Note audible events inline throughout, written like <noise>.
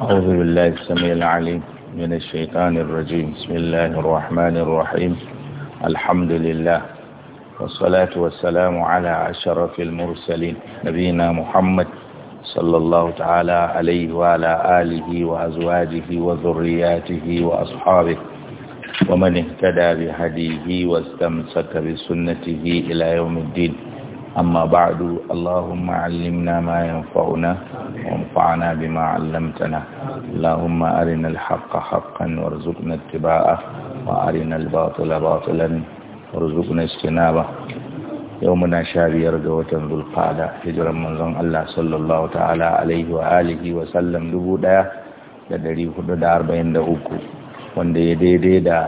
أعوذ بالله السميع العليم من الشيطان الرجيم بسم الله الرحمن الرحيم الحمد لله والصلاة والسلام على أشرف المرسلين نبينا محمد صلى الله تعالى عليه وعلى آله وأزواجه وذرياته وأصحابه ومن اهتدى بهديه واستمسك بسنته إلى يوم الدين أما بعد اللهم علمنا ما ينفعنا وانفعنا بما علمتنا اللهم أرنا الحق حقا وارزقنا اتباعه وأرنا الباطل باطلا وارزقنا اجتنابه يومنا شابير دوتن ذو القادة هجر منزون الله صلى الله تعالى عليه وآله وسلم لبودا لدري خدود أربعين دوكو wanda ya daidai da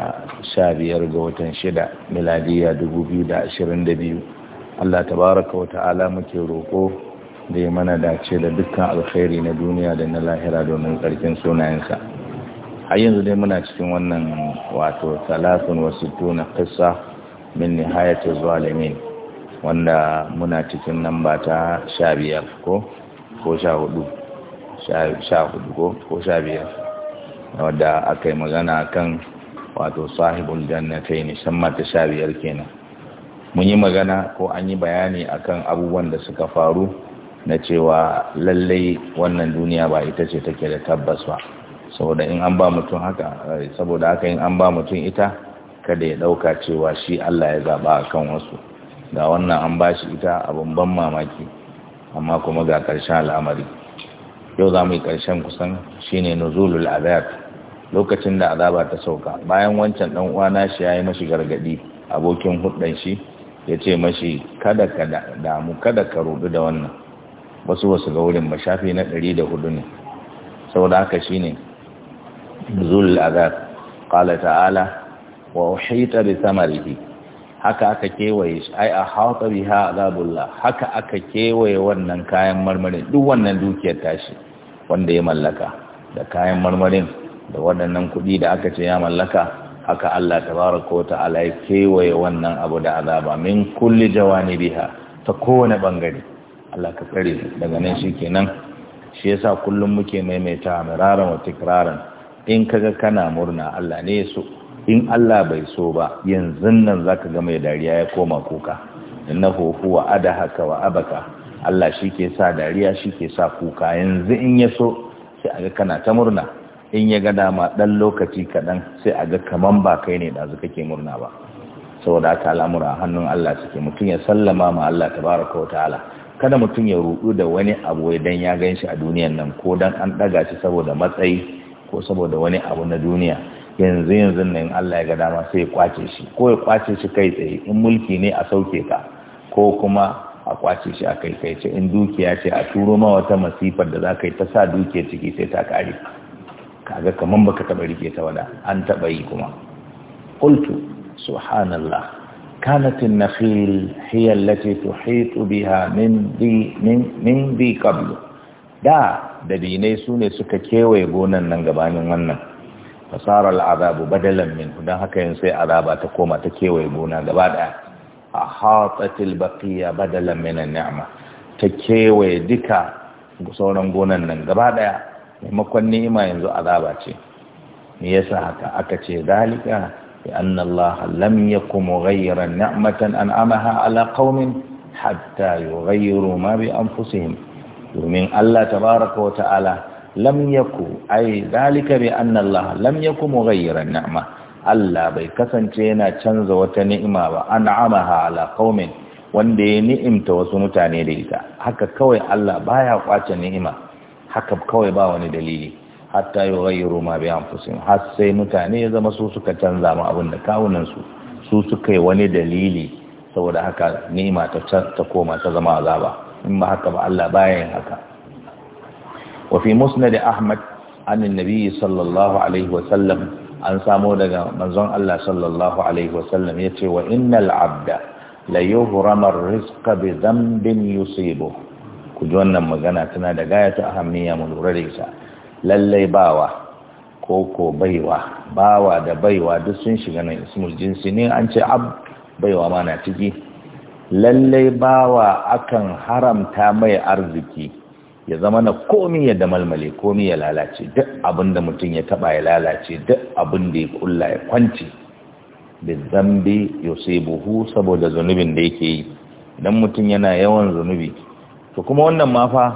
sha biyar ga watan shida miladiya dubu biyu da ashirin da biyu Allah tabaraka wa ta'ala muke roƙo da ya mana dace da dukkan alkhairi na duniya da na lahira domin ƙarfin sunayensa har yanzu dai muna cikin wannan wato talatin wasu tuna kissa min zuwa zalimin wanda muna cikin nan ba ta sha biyar ko ko sha hudu sha hudu ko sha biyar wadda aka yi magana kan wato sahibul jannatai ne shan mata sha biyar kenan mun yi magana ko an yi bayani akan abubuwan da suka faru na cewa lallai wannan duniya ba ita ce take da tabbas ba saboda in an ba mutum haka eh, saboda haka in an ba mutum ita kada ya dauka cewa shi Allah ya zaba akan wasu ga wannan an bashi ita abun ban mamaki amma kuma ga karshen al'amari yau za mu yi karshen kusan shine nuzulul azab lokacin da azaba ta sauka bayan wancan dan uwa na shi yayi mashi gargadi abokin hudan shi ya ce mashi kada ka damu kada ka rubu da wannan wasu wasu ga wurin mashafi na ɗari da hudu ne saboda haka shi ne zul azab ƙala ta'ala wa uhita bi samarihi haka aka kewaye shi ai a hauta biha azabullah haka aka kewaye wannan kayan marmarin duk wannan dukiyar tashi wanda ya mallaka da kayan marmarin da waɗannan kuɗi da aka ce ya mallaka haka Allah ta ko ta alai kewaye wannan abu da azaba min kulli biha ta kowane bangare Allah ka tsare daga nan shi kenan shi yasa kullum muke maimaita miraran wa tikraran in kaga kana murna Allah ne so in Allah bai so ba yanzu nan zaka ga mai dariya ya koma kuka hu huwa adahaka wa abaka Allah shi ke sa dariya shi ke sa kuka yanzu in ya so sai a ga kana ta murna in ya ga dama ɗan lokaci kaɗan sai a ga kamar ba kai ne ɗazu kake murna ba saboda ta al'amura hannun Allah suke mutum ya sallama ma Allah ta wa ta'ala kada mutum ya rudu da wani abu idan ya gan shi a duniyan nan ko dan an ɗaga shi saboda matsayi ko saboda wani abu na duniya yanzu yanzu nan Allah ya ga dama sai ya kwace shi ko ya kwace shi kai tsaye in mulki ne a sauke ka ko kuma a kwace shi a kai kai ce in dukiya ce a turo ma wata masifar da za ka yi ta sa dukiya ciki sai ta kare kaga kaman baka taba rike ta wada an taba yi kuma qultu subhanallah كانت النخيل هي التي تحيط بها min bi min من ذي قبل da sune suka kewaye gonan nan gabanin wannan fasara al-azabu badalan min dan haka yin sai azaba ta koma ta kewaye gona gaba daya ahatatil baqiya badalan min an-ni'ma ta kewaye duka sauran gonan nan gaba daya maimakon ni'ima yanzu azaba ce me yasa haka aka ce zalika bi anna Allah lam yakum mughayyiran ni'matan an'amaha ala qaumin hatta yughayyiru ma bi anfusihim domin Allah tabaraka wa ta'ala lam yaku ai dalika bi anna Allah lam yakum mughayyiran ni'ma Allah bai kasance yana canza wata ni'ima ba an'amaha ala qaumin wanda ya ni'imta wasu mutane da ita haka kawai Allah baya kwace ni'ima haka kawai ba wani dalili hatta yi ghayyaru ma bi anfusihim har sai mutane ya zama su suka canza ma abin da kawunan su su suka yi wani dalili saboda haka ni'ima ta ta koma ta zama azaba in ba haka ba Allah bayan yin haka wa fi musnad ahmad an annabi sallallahu alaihi wa sallam an samo daga manzon Allah sallallahu alaihi wa sallam yace wa innal abda la yuhramu ar-rizqa bi dhanbin yusibuhu ku ji wannan magana tana da gaya a ahammiya mu lura da ita lallai bawa ko ko baiwa bawa da baiwa duk sun shiga nan ismul jinsi ne an ce ab baiwa ma na ciki lallai bawa akan haramta mai arziki ya zama na komi ya damalmale komi ya lalace duk abin da mutum ya taba ya lalace duk abin da ya kulla ya kwanci da zambi yosebuhu saboda zunubin da yake yi Idan mutum yana yawan zunubi to kuma wannan ma fa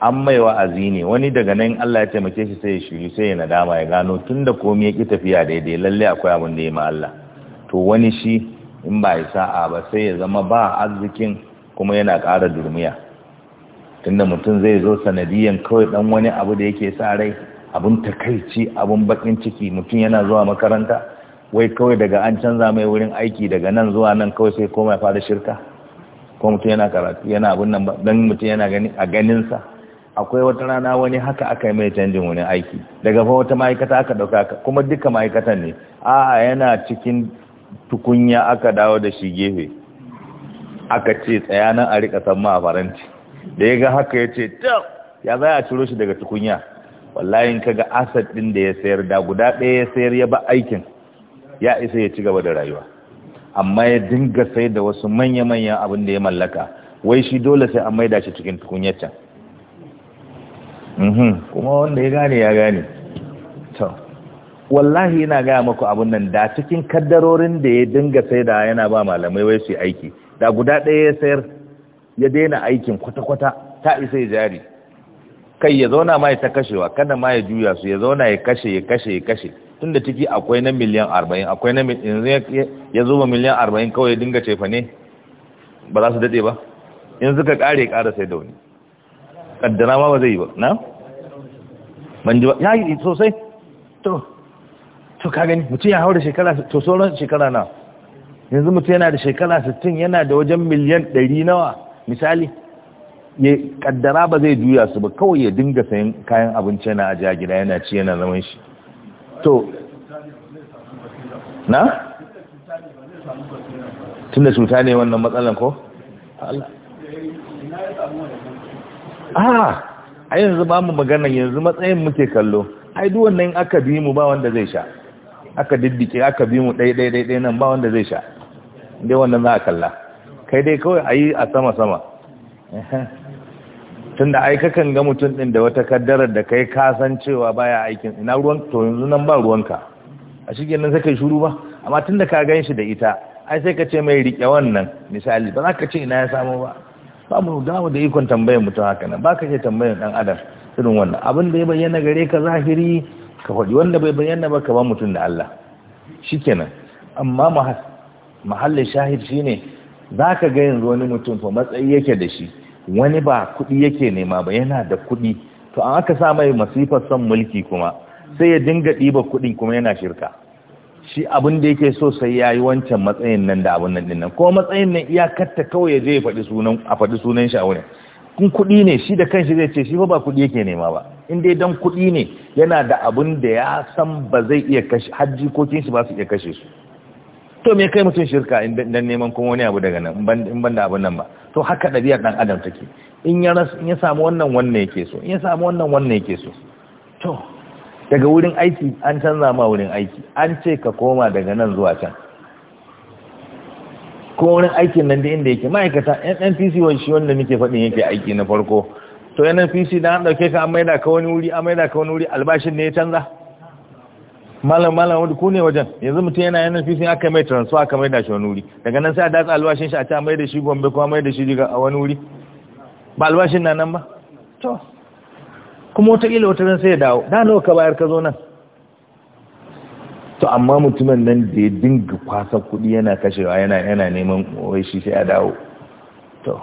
an mai wa'azi ne wani daga nan Allah ya taimake shi sai ya shiru sai ya nadama ya gano tun da komai ya ki tafiya daidai lalle akwai abin da ya ma Allah to wani shi in ba ya sa'a ba sai ya zama ba arzikin kuma yana ƙara durmiya tunda mutum zai zo sanadiyan kawai dan wani abu da yake sa rai abun takaici abun bakin ciki mutum yana zuwa makaranta wai kawai daga an canza mai wurin aiki daga nan zuwa nan kawai sai koma ya fara shirka ko mutum yana karatu yana abin nan ba dan mutum yana gani a ganinsa akwai wata rana wani haka aka yi mai canjin wani aiki daga fa wata ma'aikata aka dauka kuma duka ma'aikatan ne a'a yana cikin tukunya aka dawo da shi gefe aka ce tsaya nan a rika samma a faranti da ya ga haka ya ce ya za a ciro shi daga tukunya wallahi ga asad din da ya sayar da guda ɗaya ya sayar ya ba aikin ya isa ya ci gaba da rayuwa amma ya dinga sai da wasu manya-manyan abin da ya mallaka wai shi dole sai an maida shi cikin tukunyar can mhm. kuma wanda ya gane ya gane to wallahi ina gaya maku abin nan da cikin kaddarorin da ya dinga sai da yana ba malamai wai su aiki da guda ɗaya ya sayar ya daina aikin kwata-kwata ta isa ya jari kai ya zauna ma ya ta kashewa kada ma ya juya su ya zauna ya kashe ya kashe ya kashe tun da ciki akwai na miliyan arba'in akwai na yanzu ya zuba miliyan arba'in kawai dinga cefa ne ba za su daɗe ba in suka ƙare ƙara sai da wani ƙaddara ma ba zai yi ba na? ban ji ba ya yi sosai to to ka gani mutum ya haura shekara to sauran shekara na yanzu mutum yana da shekara sittin yana da wajen miliyan ɗari nawa misali ya ƙaddara ba zai juya su ba kawai ya dinga sayan kayan abinci yana ajiya gida yana ci yana zaman shi to na? tun da cuta ne wannan matsalan ko? ah a yanzu ba mu magana yanzu matsayin muke kallo ai duk wannan aka bi mu ba wanda zai sha aka diddike aka bi mu ɗai ɗai ɗai nan ba wanda zai sha dai wannan za a kalla kai dai kawai a yi a sama sama tunda ai kakan ga mutum din da wata kaddarar da kai ka san cewa baya aikin ina ruwan to yanzu nan ba ruwanka a shi kenan sai kai shuru ba amma tunda ka gan shi da ita ai sai ka ce mai rike wannan misali ba za ka ce ina ya samu ba ba mu dawo da ikon tambayar mutum haka nan ba ka ce tambayar dan adam irin wannan abin da ya bayyana gare ka zahiri ka faɗi wanda bai bayyana ba ka ba mutum da Allah shikenan amma mahallin shahid shine zaka ga yanzu wani mutum fa matsayi yake da shi wani ba kuɗi yake nema ba yana da kuɗi to an aka sa mai masifar son mulki kuma sai ya dinga ɗiba kuɗin kuma yana shirka shi abin da yake so sai ya yi wancan matsayin nan da abin nan dinnan ko matsayin nan iyakarta kawai ya je a faɗi sunan shi a wurin kun kuɗi ne shi da kanshi zai ce shi ba kuɗi yake nema ba in dai dan kuɗi ne yana da abin da ya san ba zai iya kashe hajji ko shi ba su iya kashe su to me kai mutum shirka dan neman kuma wani abu daga nan in ban da abun nan ba to haka ɗabi'ar ɗan adam take in ya samu wannan wannan yake so in ya samu wannan wannan yake so to daga wurin aiki an canza ma wurin aiki an ce ka koma daga nan zuwa can ko wurin aikin nan da inda yake ma'aikata nnpc wani shi wanda muke faɗin yake aiki na farko to nnpc da an ɗauke ka an maida ka wani wuri an maida ka wani wuri albashin ne ya canza malam malam wanda ku ne wajen yanzu mutum yana yanar fisin aka mai transfer aka mai da shi wani wuri daga nan sai a datsa alwashin shi a ta mai da shi gombe kuma mai da shi a wani wuri ba albashin na nan ba to kuma wata ila wata ran sai ya dawo da nawa ka bayar ka zo nan to amma mutumin nan da ya dinga kwasa kuɗi yana kashewa yana yana neman wai shi sai a dawo to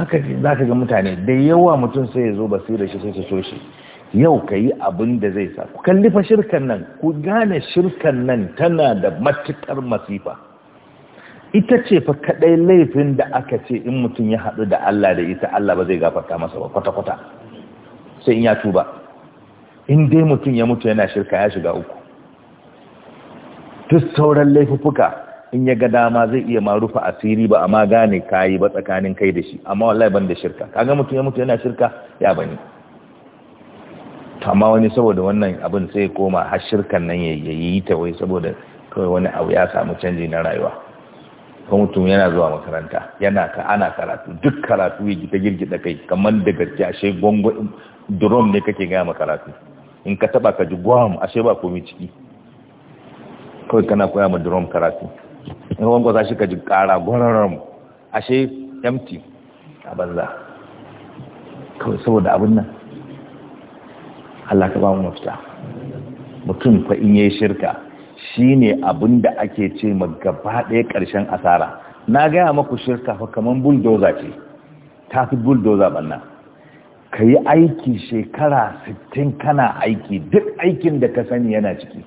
haka za ka ga mutane da yawa mutum sai ya zo basirar shi sai ta so shi yau ka yi abin da zai sa ku kalli fa shirkan nan ku gane shirkan nan tana da matukar masifa ita ce fa kaɗai laifin da aka ce in mutum ya haɗu da Allah da ita Allah ba zai gafarta masa ba kwata-kwata sai in ya tuba in dai mutum ya mutu yana shirka ya shiga uku duk sauran laifuka in ya ga dama zai iya ma rufe asiri ba amma gane kayi ba tsakanin kai da shi amma wallahi ban da shirka kaga mutum ya mutu yana shirka ya bani amma wani saboda wannan abin sai koma har shirkan nan ya yi ta wai saboda kawai wani abu ya samu canji na rayuwa kan mutum yana zuwa makaranta yana ka ana karatu duk karatu ya gita da kai kamar da gaske ashe gwangwa drone ne kake gaya karatu in ka taba ka ji gwam ashe ba komai ciki kawai kana koya ma drone karatu in gwangwa za shi ka ji kara gwararam ashe empty a banza kawai saboda abin nan Allah ka ba mu mafita mutum fa in yayi shirka shine abin da ake ce ma gaba ɗaya ƙarshen asara na gaya maku shirka fa kamar bulldozer ce ta fi bulldozer banna ka yi aiki shekara 60 kana aiki duk aikin da ka sani yana ciki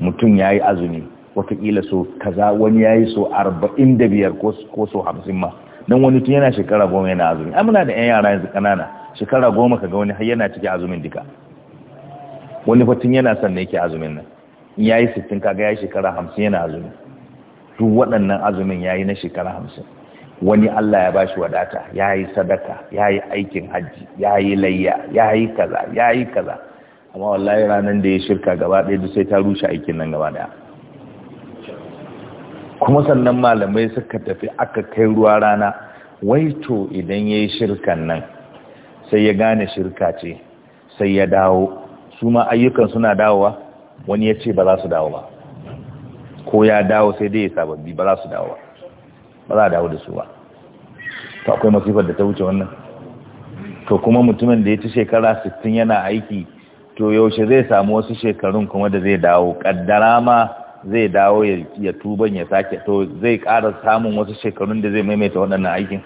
mutum ya yi azumi watakila so kaza wani ya yi so 45 ko so 50 ma don wani tun yana shekara goma yana azumi amina da 'yan yara yanzu ƙanana shekara goma ka ga wani har yana cikin azumin duka wani fatin yana sannan yake azumin nan in yayi sittin kaga ya shekara hamsin yana azumi duk waɗannan azumin yayi na shekara hamsin wani Allah ya bashi wadata yayi sadaka yayi aikin hajji yayi layya yayi kaza yayi kaza amma wallahi ranar da ya shirka gaba ɗaya duk sai ta rushe aikin nan gaba ɗaya kuma sannan malamai suka tafi aka kai ruwa rana wai to idan yayi shirkan nan sai ya gane shirka ce sai ya dawo su ma ayyukan suna dawowa wani ya ce ba za su dawo ba ko ya dawo sai dai ya sababbi ba za su dawo ba ba za a dawo da su ba ta akwai masifar da ta wuce wannan to kuma mutumin da ya ci shekara 60 yana aiki to yaushe zai samu wasu shekarun kuma da zai dawo kaddara ma zai dawo ya tuban ya sake to zai kara samun wasu shekarun da zai maimaita waɗannan aikin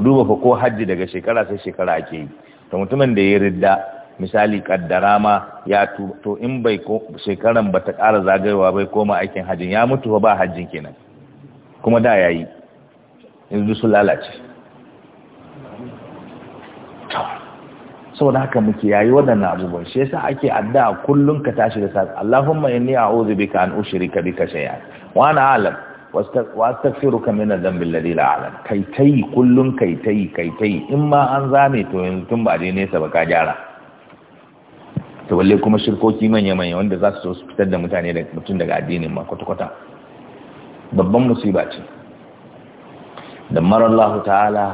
ku duba fa ko hajji daga shekara sai shekara ake yi to mutumin da ya ridda misali kaddara ma ya to in bai ko shekaran ba ta ƙara zagayowa bai koma aikin hajjin ya mutu fa ba hajjin kenan kuma da yayi yanzu su lalace saboda haka muke yayi waɗannan abubuwan shi yasa ake addu'a kullum ka tashi da sa, Allahumma inni a'udhu bika an ushrika bika shay'an wa ana alam wastaghfiruka min adh-dhanbi alladhi la a'lam kai tai kullum kai tai kai tai in ma an zame to yanzu tun ba dai nesa ba ka gyara to balle kuma shirkoki manya manya wanda za su su fitar da mutane da mutum daga addinin ma kwata kwata babban musiba ce da marallahu ta'ala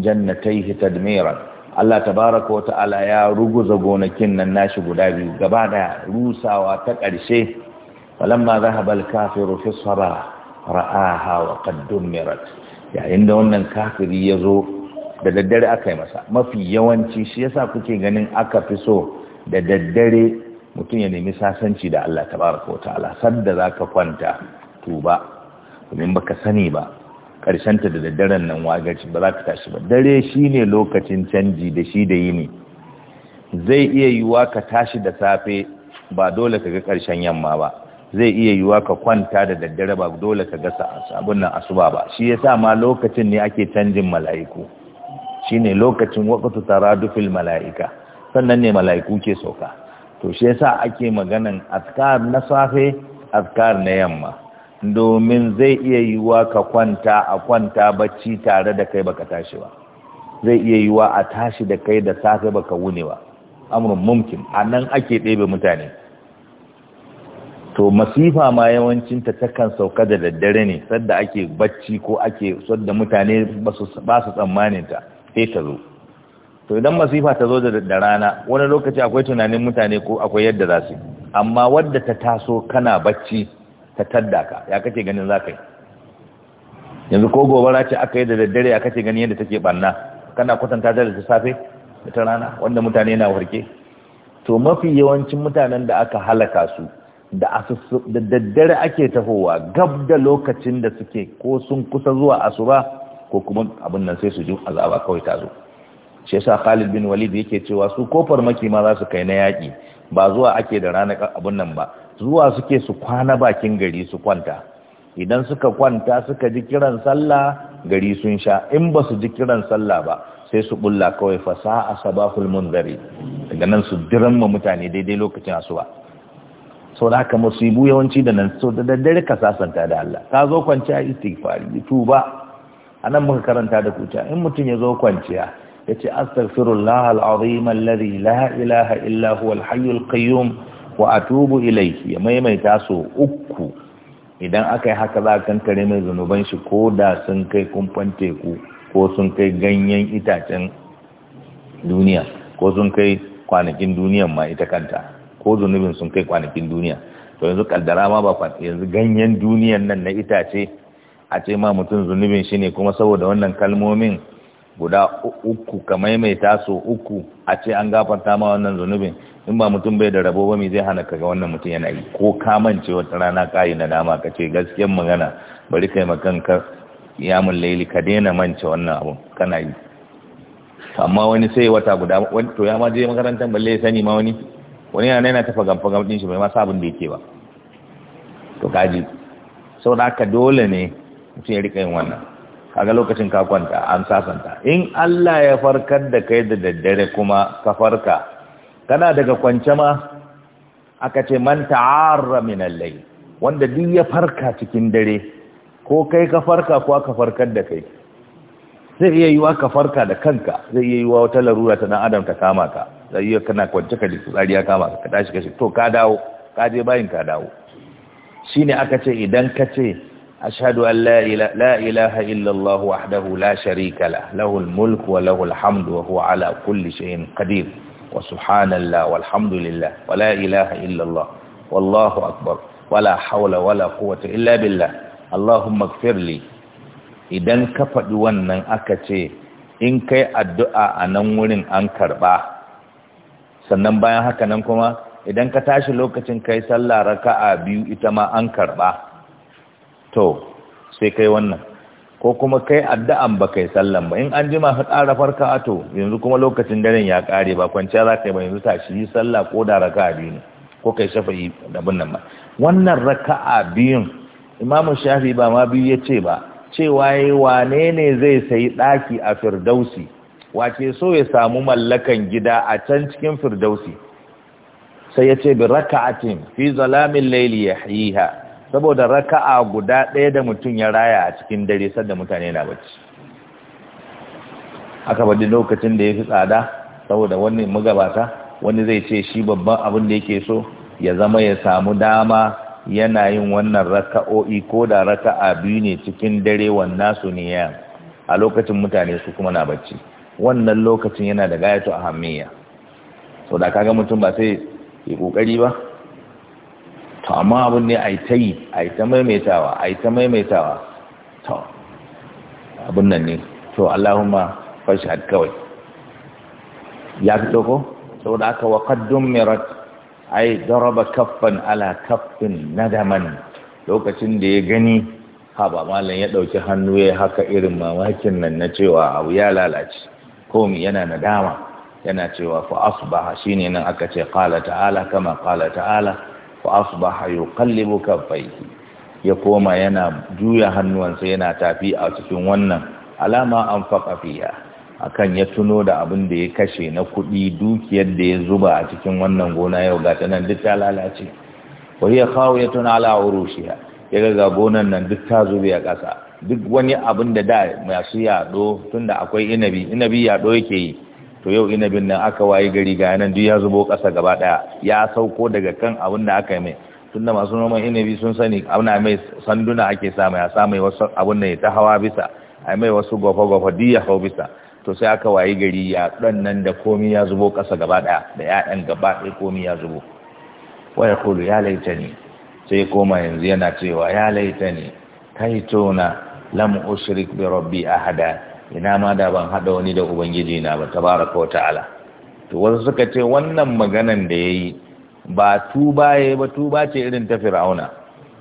jannatayhi tadmiran Allah tabaraka wa ta'ala ya ruguza gonakin nan nashi guda biyu gaba da rusawa ta ƙarshe walamma zahabal kafiru fi sabah ra'aha wa qad dumirat yayin da wannan kafiri ya zo da daddare aka yi masa mafi yawanci shi yasa kuke ganin aka fi so da daddare mutum ya nemi sasanci da Allah Ta tabaraka wa ta'ala sadda ka kwanta tuba domin baka sani ba ƙarshenta da daddaren nan wagaci ba za ka tashi ba dare shine lokacin canji da shi da yini zai iya yiwuwa ka tashi da safe ba dole ka ga karshen yamma ba zai iya yiwa ka kwanta da daddare ba dole ka gasa abin nan asuba ba shi ya sa ma lokacin ne ake canjin mala'iku Shi ne lokacin tara taradufil mala'ika sannan ne mala'iku ke sauka to shi sa ake maganan askar na safe askar na yamma domin zai iya yiwa ka kwanta a kwanta bacci tare da kai baka tashi ba zai iya yiwa a tashi da kai da safe baka wune ba amurin mumkin nan ake ɗebe mutane to masifa ma yawancinta takan sauka da daddare ne sadda ake bacci ko ake sadda mutane ba su tsammanin ta sai ta zo to idan masifa ta zo da rana wani lokaci akwai tunanin mutane ko akwai yadda za su amma wadda ta taso kana bacci ta tadda ka ya kace ganin za ka yi yanzu ko gobara ce aka yi da daddare ya kace ganin yadda take barna kana kwatanta ta da safe da ta rana wanda mutane na warke to mafi yawancin mutanen da aka halaka su da daddare ake tafowa gab da lokacin da suke ko sun kusa zuwa asuba ko kuma abin nan sai su ji azaba kawai ta zo shi yasa Khalid bin Walid yake cewa su kofar maki ma za su kai na yaki ba zuwa ake da ranar abin nan ba zuwa suke su kwana bakin gari su kwanta idan suka kwanta suka ji kiran sallah gari sun sha in ba su ji kiran sallah ba sai su bulla kawai fasaha sabahul munzari daga nan su diran mutane daidai lokacin asuba sau da haka yawanci da nan so da daddare ka sasanta da Allah ka zo kwanciya ba. tuba anan muka karanta da kuta in mutum ya zo kwanciya ya ce astaghfirullah al'azim alladhi la ilaha illa huwa al qayyum wa atubu ilayhi ya maimaita so uku idan aka haka za kan kare mai zunuban shi ko da sun kai kumfan teku ko sun kai ganyen itacen duniya ko sun kai kwanakin duniyan ma ita kanta ko zunubin sun kai kwanakin duniya to yanzu kaddara ma ba yanzu ganyen duniyan nan na itace a ce ma mutum zunubin shi ne kuma saboda wannan kalmomin guda uku ka maimaita su uku a ce an gafarta ma wannan zunubin in ba mutum bai da rabo ba mai zai hana kaga wannan mutum yana yi ko kamance wata rana kayi na dama ka ce gaskiyar magana bari kai ya mun laili ka daina mance wannan abu kana yi amma wani sai wata guda to ya ma je makarantar balle ya sani ma wani wani yana yana tafa gamfa din shi mai masa abin da yake ba to kaji sau da aka dole ne mutum ya rika yin wannan kaga lokacin ka kwanta an sasanta in Allah ya farkar da kai da daddare kuma ka farka kana daga kwance ma aka ce man ta'arra min al wanda duk ya farka cikin dare ko kai ka farka ko aka farkar da kai zai iya yiwa ka farka da kanka zai iya yiwa wata larura ta dan adam ta kama ka zai kana kwanci ka ji tsari ya kama ka tashi ka to ka dawo ka je bayin ka dawo shine aka ce idan ka ce ashadu an la ilaha illa Allah wahdahu la sharika la lahul mulk wa lahul hamdu wa huwa ala kulli shay'in qadir wa subhanallah walhamdulillah wa la ilaha illa Allah wallahu akbar wala hawla wala quwwata illa billah allahumma ighfirli idan ka faɗi wannan aka ce in kai addu'a a nan wurin an karɓa sannan bayan haka nan kuma idan ka tashi lokacin kai sallah raka'a biyu ita ma an karba to sai kai wannan ko kuma kai addu'an ba kai sallan ba in an jima ka ƙara farka to yanzu kuma lokacin daren ya ƙare ba kwanciya za ka yi ba yanzu tashi yi sallah ko da raka'a biyu ne ko kai yi da nan ba wannan raka'a biyun imamu shafi ba ma biyu ya ce ba cewa yi wane ne zai sayi ɗaki a firdausi wace so ya samu mallakan gida a can cikin firdausi sai ya ce bi raka'atin fi zalamin laili yahiha saboda raka'a guda ɗaya da mutum ya raya a cikin dare sadda mutane na bacci aka bada lokacin da ya fi tsada saboda wani magabata wani zai ce shi babban abin da yake so ya zama ya samu dama yana yin wannan raka'o'i ko da raka'a biyu ne cikin dare wannan su ne ya a lokacin mutane su kuma na bacci wannan lokacin yana da gayatu hamiya so da kaga mutum ba sai ya kokari ba to amma abin ne a ta yi a ta maimaitawa a yi ta maimaitawa to abin nan ne to allahumma had kawai ya fi so da aka mirat a ai daraba kaffan ala kaffin nadaman lokacin da ya gani Haba malam ya ɗauki hannu ya haka irin mamakin nan na cewa abu ya lalace komi yana nadama yana cewa fa asbaha shine nan aka ce qala ta'ala kama qala ta'ala fa asbaha yuqallibu kaffayhi ya koma yana juya hannuwansa yana tafi a cikin wannan alama an faqa fiha akan ya tuno da abin da ya kashe na kuɗi dukiyar da ya zuba a cikin wannan gona yau ga nan duk ta lalace wa hiya khawiyatun ala urushiha yaga ga gonan nan duk ta zube a ƙasa duk wani abin da da masu yado tunda akwai inabi inabi yado yake yi to yau inabin nan aka wayi gari ga nan duk ya zubo ƙasa gaba ɗaya ya sauko daga kan abin da aka yi mai tunda masu noman inabi sun sani ana mai sanduna ake sa mai a sa mai wasu abin da ya ta hawa bisa a mai wasu gwafa-gwafa duk ya hau bisa to sai aka wayi gari ya ɗan nan da komi ya zubo ƙasa gaba ɗaya da ya'yan gaba ɗaya komi ya zubo waya kulu ya laita ne sai koma yanzu yana cewa ya laita ne kai tona lam ushrik bi rabbi ahada ina ma da ban hada wani da ubangiji na ba tabaraka ta'ala to wasu suka ce wannan maganan da yayi ba tuba yayi ba tuba ce irin ta fir'auna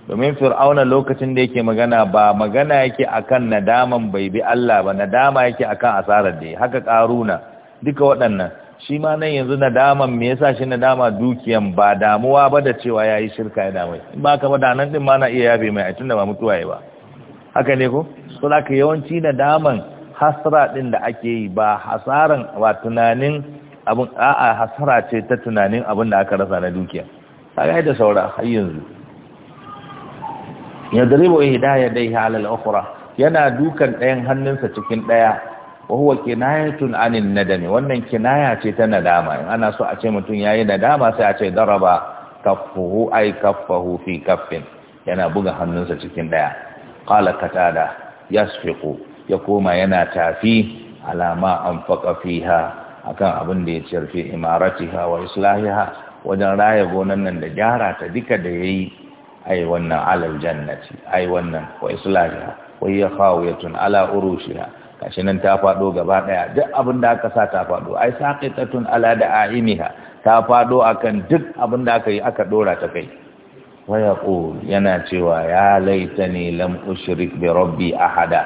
domin fir'auna lokacin da yake magana ba magana yake akan nadaman bai bi Allah ba nadama yake akan asarar da haka karuna duka waɗannan shi ma nan yanzu nadaman me yasa shi nadama dukiyan ba damuwa ba da cewa yayi shirka ya damai in ba ka ba da nan din ma na iya yafe mai a tunda ba mutuwa ba haka ne ko so da yawanci na daman hasara din da ake yi ba hasaran ba tunanin abin a'a hasara ce ta tunanin abin da aka rasa na dukiya kaga da saura har yanzu ya daribu hidaya dai halal ukhra yana dukan ɗayan hannunsa cikin ɗaya wahuwa kinayatun anin nadami wannan kinaya ce ta nadama in ana so a ce mutum yayi nadama sai a ce daraba kaffuhu ay kaffahu fi kaffin yana buga hannunsa cikin ɗaya qala katada yasfiqu ya koma yana tafi alama anfaqa fiha akan abin da ya ciyar imaratiha wa islahiha wajen raya gonan nan da gyara ta duka da yayi ai wannan alal jannati ai wannan wa islahiha wa hiya khawiyatun ala urushiha kashi nan ta fado gaba daya duk abin da aka sa ta fado ai saqitatun ala da'imiha ta fado akan duk abin da aka yi aka dora ta kai ويقول يناتوا يا ليتني لم أشرك بربي أحدا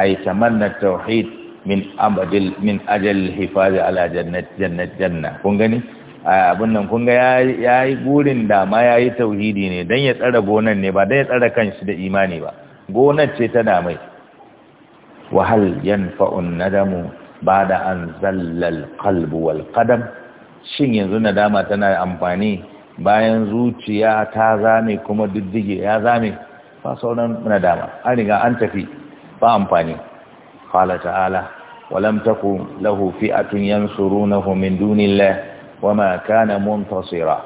أي تمنى التوحيد من أبد من أجل الحفاظ على جنة جنة جنة كونغني abin nan kun ga ya yi burin da ma ya yi tauhidi ne don ya tsara gonan ne ba don ya tsara kanshi da imani ba gonar ce ta damai wahal yanfa'un nadamu ba da an zallal kalbu wal kadam shin yanzu nadama tana amfani bayan zuciya ta zame kuma diddige ya zame ba sauran dama. an riga an tafi ba amfani qala ta'ala walam taku lahu fi'atun yansurunahu min dunillah wama kana muntasira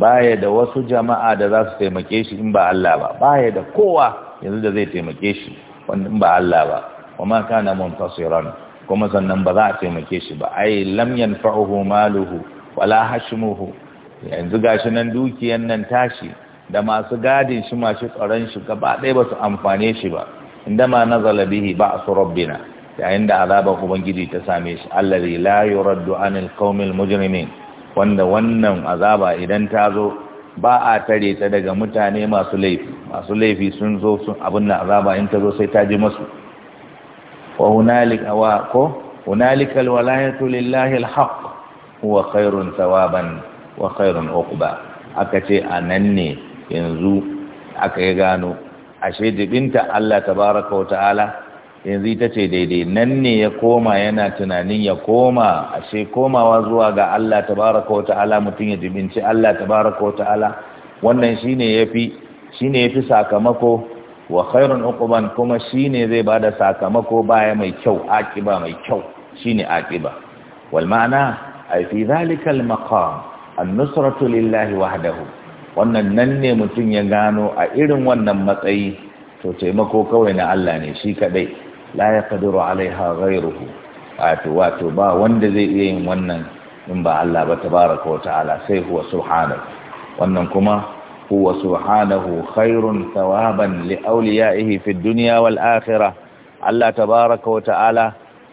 baya da wasu jama'a da za su taimake shi in ba Allah ba baya da kowa yanzu da zai taimake shi wanda in ba Allah ba wama kana muntasiran kuma sannan ba za a taimake shi ba ai lam yanfa'uhu maluhu wala hashmuhu yanzu gashi nan dukiyan nan tashi da masu gadin shi masu tsaron shi gaba ɗaya ba su amfane shi ba inda ma na bihi ba a su rabbina yayin da azabar ubangiji ta same shi allazi la yuraddu anil qaumil mujrimin wanda wannan azaba idan ta zo ba a tare ta daga mutane masu laifi masu laifi sun zo sun abin da azaba in ta zo sai ta ji masu wa hunalika wa ko hunalikal walayatu lillahi alhaq huwa khairun thawaban wa khairun uqba aka ce a nan ne yanzu aka yi gano ashe jibinta Allah tabaraka wa ta'ala yanzu ita ce daidai nan ne ya koma yana tunanin ya koma ashe komawa zuwa ga Allah tabaraka wa ta'ala mutum ya jibinci Allah tabaraka wa ta'ala wannan shine yafi shine yafi sakamako wa khairun uqban kuma shine zai bada sakamako baya mai kyau akiba mai kyau shine akiba wal ma'ana ay fi dhalika al maqam annusratu lillahi wahdahu wannan nan ne mutum ya gano a irin wannan matsayi to taimako kawai na Allah ne shi kadai la yaqdiru alaiha ghayruhu wato wato ba wanda zai iya yin wannan in ba Allah ba tabaraka wa ta'ala sai huwa subhanahu wannan kuma huwa subhanahu khairun thawaban li awliyaihi fid dunya wal akhirah Allah tabaraka wa ta'ala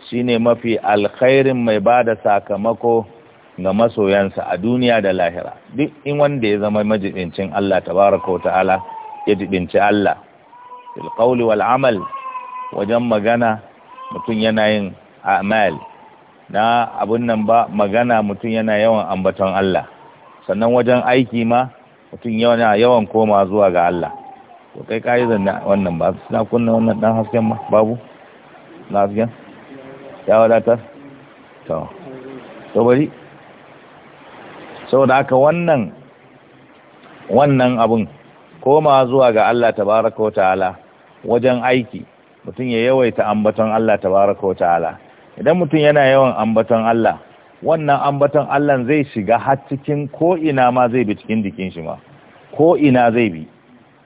shine mafi alkhairin mai bada sakamako ga masoyansa a duniya da lahira duk in wanda ya zama majibincin Allah tabaraka wa ta'ala ya jibinci Allah fil qawli wal amal wajen magana mutum yana yin amal na abun nan ba magana mutum yana yawan ambaton Allah sannan wajen aiki ma mutum yana yawan koma zuwa ga Allah to kai kai zanna wannan ba suna kunna wannan dan hasken ma babu na hasken ya wadatar to to bari saboda haka wannan wannan abun koma zuwa ga Allah tabaraka ta'ala wajen aiki mutum ya yawaita ambaton Allah tabaraka ta'ala idan mutum yana yawan ambaton Allah wannan ambaton Allah zai shiga har cikin ko ina ma zai bi cikin jikin shi ma ko ina zai bi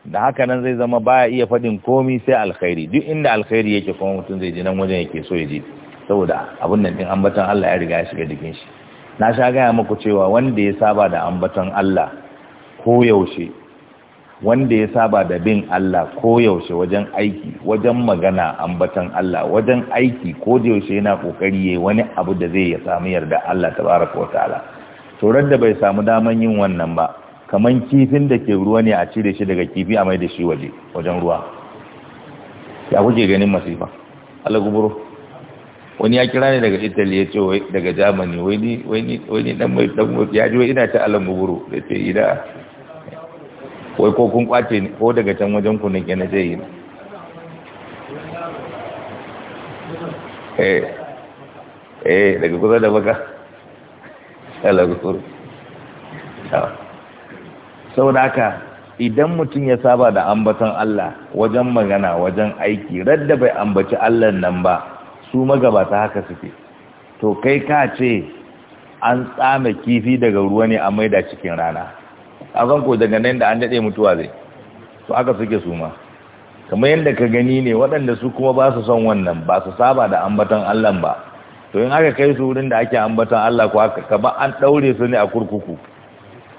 da haka nan zai zama baya iya faɗin komi sai alkhairi duk inda alkhairi yake kuma mutum zai ji nan wajen yake so ya ji saboda abin nan din ambaton Allah ya riga ya shiga jikin shi na sha gaya muku cewa wanda ya saba da ambaton Allah koyaushe wanda ya saba da bin Allah koyaushe wajen aiki wajen magana ambaton Allah wajen aiki ko da yaushe yana kokari yayi wani abu da zai ya samu yarda Allah tabaraka wataala to da bai samu daman yin wannan ba kaman kifin da ke ruwa ne a cire shi daga kifi a mai da shi waje wajen ruwa ya kuke ganin masifa Allah wani ya kira ni daga italy ya ce daga germany wani dan mai dan mai ya ji ina ta alam buru da ce ida wai ko kun kwace ni ko daga can wajen ku nake na ce yi eh eh daga kusa da baka alam buru ah. da haka idan mutum ya saba da ambaton Allah wajen magana wajen aiki radda bai ambaci Allah nan ba su magabata haka suke to kai ka ce an tsame kifi daga ruwa ne a maida cikin rana a zan ko daga nan da an daɗe mutuwa zai to aka suke su ma kamar yadda ka gani ne waɗanda su kuma ba su son wannan ba su saba da ambaton Allah ba to in aka kai su wurin da ake ambaton Allah ko haka, kaba an ɗaure su ne a kurkuku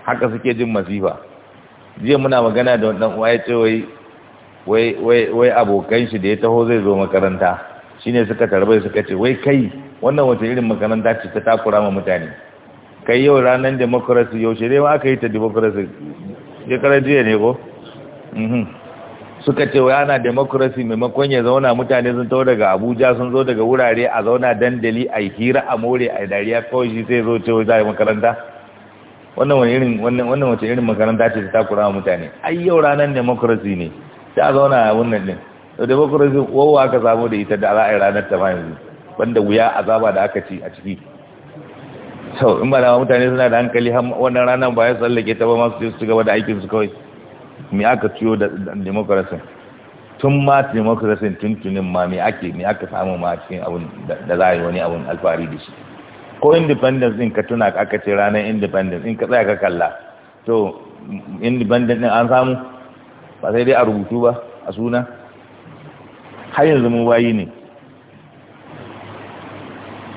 haka suke jin masifa jiya muna magana da ɗan uwa ya ce wai abokan shi da ya taho zai zo makaranta shine suka tarbai suka ce wai kai wannan wace irin makaranta ce ta takura ma mutane kai yau ranar demokrasi yau shi dai ma aka yi ta democracy shekarar jiya ne ko mhm. suka ce wai ana demokrasi maimakon ya zauna mutane sun tau daga abuja sun zo daga wurare a zauna dandali a hira a more a dariya kawai shi sai zo ce wai zai makaranta wannan wani irin wannan wace irin makaranta ce ta takura ma mutane ai yau ranar demokrasi ne sai a zauna a wannan din da democracy wawa aka samu da ita da ra'ayi ranar ta ma yanzu banda wuya azaba da aka ci a ciki sau in ba da mutane suna da hankali wannan ranar ba ya tsallake ta ba masu su gaba da aikinsu kawai me aka ciyo da democracy tun ma democracy tuntunin ma me ake mai aka samu ma cikin abun da za a yi wani abin alfahari da shi ko independence din ka tuna aka ce ranar independence in ka tsaya ka kalla to independence din an samu ba sai dai a rubutu ba a suna har yanzu mu bayi ne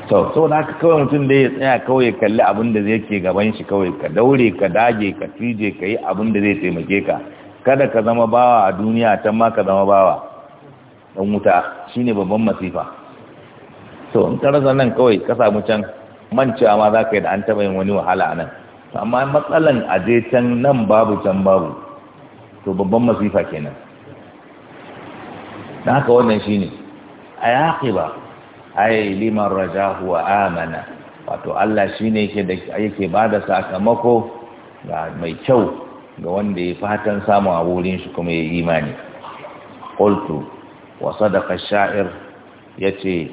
to so na ka kawai mutum da ya tsaya kawai ya kalli abin da zai ke gaban shi kawai ka daure ka dage ka tije ka yi abin da zai taimake ka kada ka zama bawa a duniya can ma ka zama bawa dan wuta shine babban masifa to in ka rasa nan kawai ka samu can mancewa ma za ka yi da an taɓa yin wani wahala a nan amma matsalan aje can nan babu can babu to babban masifa kenan da haka wannan shi ne a yaƙi ba liman rajahu wa amana wato Allah shi ne yake bada sakamako ga mai kyau ga wanda ya fatan samun a wurin shi kuma ya imani ƙultu wa daga sha'ir ya ce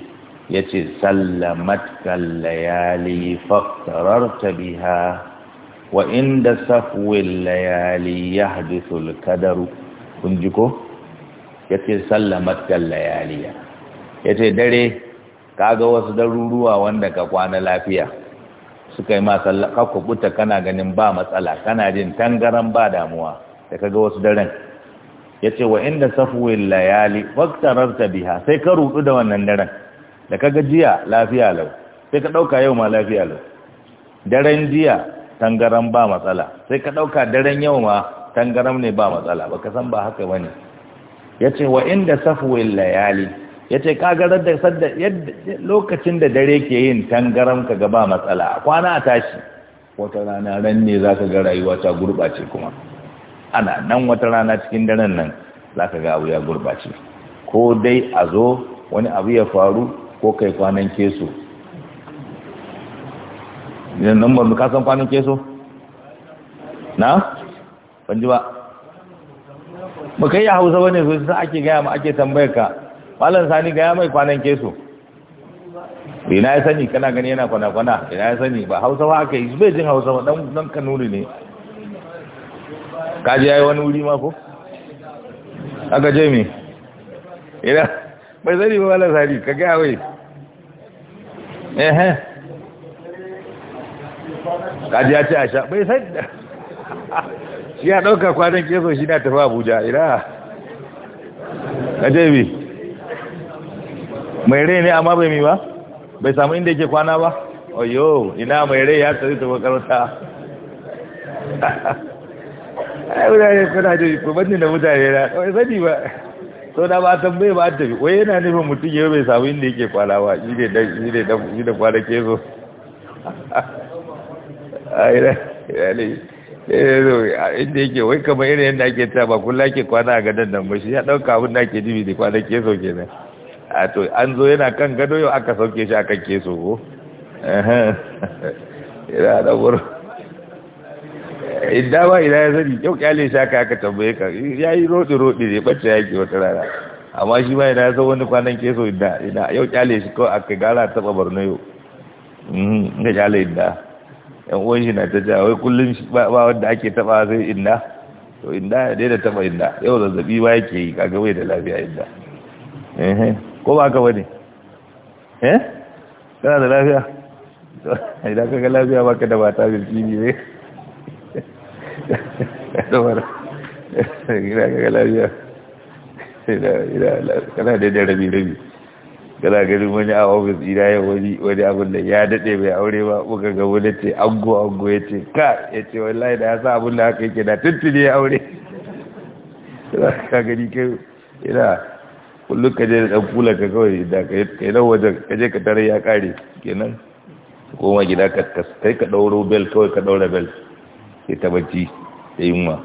ya ce sallamat kallayali biha wa inda safwin layali ya hadisul kadaru kun ji ko? ya ce sallamat kallayaliya ya ce dare ka ga wasu daruruwa wanda ka kwana lafiya suka yi ma ka kubuta kana ganin ba matsala kana jin tangaran ba damuwa da ka ga wasu daren ya ce wa inda safuwin layali ta biya sai ka rudu da wannan daren da ka ga jiya lafiya lau sai ka ɗauka yau ma lafiya lau daren jiya tangaran ba matsala sai ka ɗauka daren yau ma tangaran ne ba matsala baka san ba haka wani yace wa inda safwil layali yace kagarar da sadda lokacin da dare ke yin tangaram ka gaba matsala kwana a tashi wata rana ran ne zaka ga rayuwa ta gurbace kuma ana nan wata rana cikin daren nan zaka ga abu ya gurbace ko dai a zo wani abu ya faru ko kai kwanan keso yanzu nan ba mu kasan kwanan keso na? ban ji ba ba kai ya hausa bane su sai ake gaya ma ake tambayar ka malam sani gaya mai kwanan keso ina ya sani kana gani yana kwana kwana ina ya sani ba hausa ba aka yi bai jin hausa ba don ka kanuri ne ya yi wani wuri ma ko aka je mi? ina bai sani ba malam sani ka gaya wai eh ka kaji ya ce a sha bai sani shi ya ɗauka kwanan keso shi na tafi abuja ina kajebi mai rai ne amma bai mi ba bai samu inda yake kwana ba oyo ina mai rai ya tsari ta makaranta ai wurare suna da kubanni da mutane na kawai sani ba sau da ba san bai ba a tafi wai yana nufin mutum yau bai samu inda yake kwana ba shi ne da kwana keso a <laughs> ina ina ne Eh, inda yake wai kamar irin yadda ake ta ba kula ke kwana a gadon nan bashi ya ɗauka abin da ake dibi da kwanan ke sauke nan a to an zo yana kan gado yau aka sauke shi akan ke so ko ina da wuri idan ba ina ya sani kyau kyale shi aka aka tambaye ka ya yi roɗi roɗi ne bacci yake wata rana amma shi ma ina ya san wani kwanan ke so ina yau kyale shi kawai aka gara taɓa barno yau mm-hmm, da kyale idan yan uwan shi na ta ja wai kullum ba wanda ake taba sai inda to inda da da taba inda yau zazzabi ba yake yi kaga wai da lafiya inda eh ko ba ka bane eh kana da lafiya idan ka ga lafiya baka da mata bilki ne <laughs> dawar <laughs> gina ga lafiya ina <laughs> ina kana da rabi rabi gana ganin wani a ofis ina ya wani wani abin da ya daɗe mai aure ba muka ga wani ce ango ango ya ce ka ya ce wallahi da ya sa abin da haka yake da tuntuni ya aure ka gani kai ina kullum ka je da ɗan kula ka kawai da ka yi nan wajen ka je ka tare ya ƙare kenan goma gida ka kai ka ɗauro bel kawai ka ɗaura bel sai ta bacci da yunwa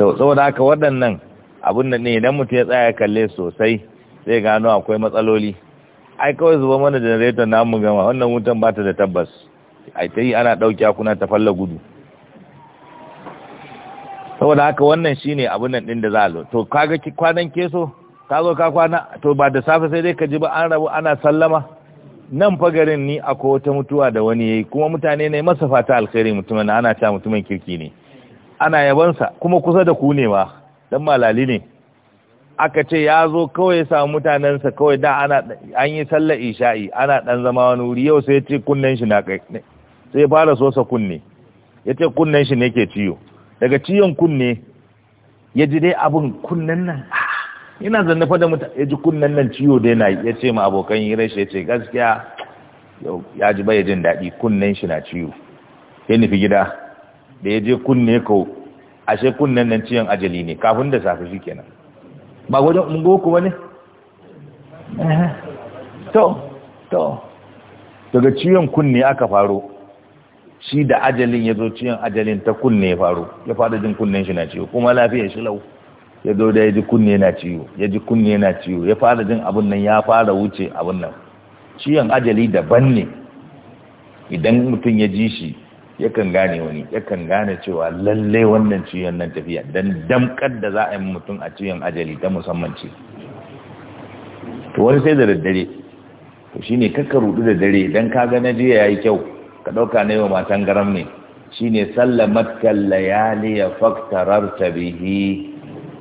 saboda haka waɗannan abin da ne idan mutum ya tsaya kalle sosai zai gano akwai matsaloli ai kawai zuba mana generator namu gama wannan wutan ba ta da tabbas ai ta yi ana ɗauki akuna ta falla gudu saboda haka wannan shine abin nan ɗin da za a zo: to kaga kwanan keso ka zo ka kwana to ba da safe sai dai ka ji ba an rabu ana sallama nan fagarin ni akwai wata mutuwa da wani ya yi, kuma mutane ne masa fata alkhairi mutumin ana ta mutumin kirki ne ana yabansa kuma kusa da ku ne ma dan malali ne aka ce ya zo kawai ya samu mutanensa kawai da ana an yi sallar isha'i ana dan zama wani wuri yau sai ya ce kunnen shi na kai sai ya fara sosa kunne ya ce kunnen shi ne ke ciwo daga ciyon kunne ya ji dai abin kunnen nan yana ah, zanne fa da ya ji kunnen nan ciwo dai na ya ce ma abokan yi shi ya ce gaskiya ya ji bai jin daɗi kunnen shi na ciwo ya nufi gida da ya je kunne ko ashe kunnen nan ciyon ajali ne kafin da safe shi kenan ba wajen ungo kuma ne to to daga ciyon kunne aka faro shi da ajalin ya zo ciyon ajalin ta kunne ya faro ya fada jin kunnen shi na ciwo kuma lafiya shi lau ya zo da ya ji kunne na ciwo ya ji kunne na ciwo ya fada jin abun nan ya fara wuce abun nan ciyon ajali daban ne idan mutum ya ji shi yakan gane wani yakan gane cewa lalle wannan ciyon nan tafiya dan damkar da za a yi mutum a ciyon ajali ta musamman ce to wani sai da daddare to shine kakka rudu da dare dan ka ga na ya yi kyau ka ɗauka na wa matan garam ne shine sallamatka layali faktararta bihi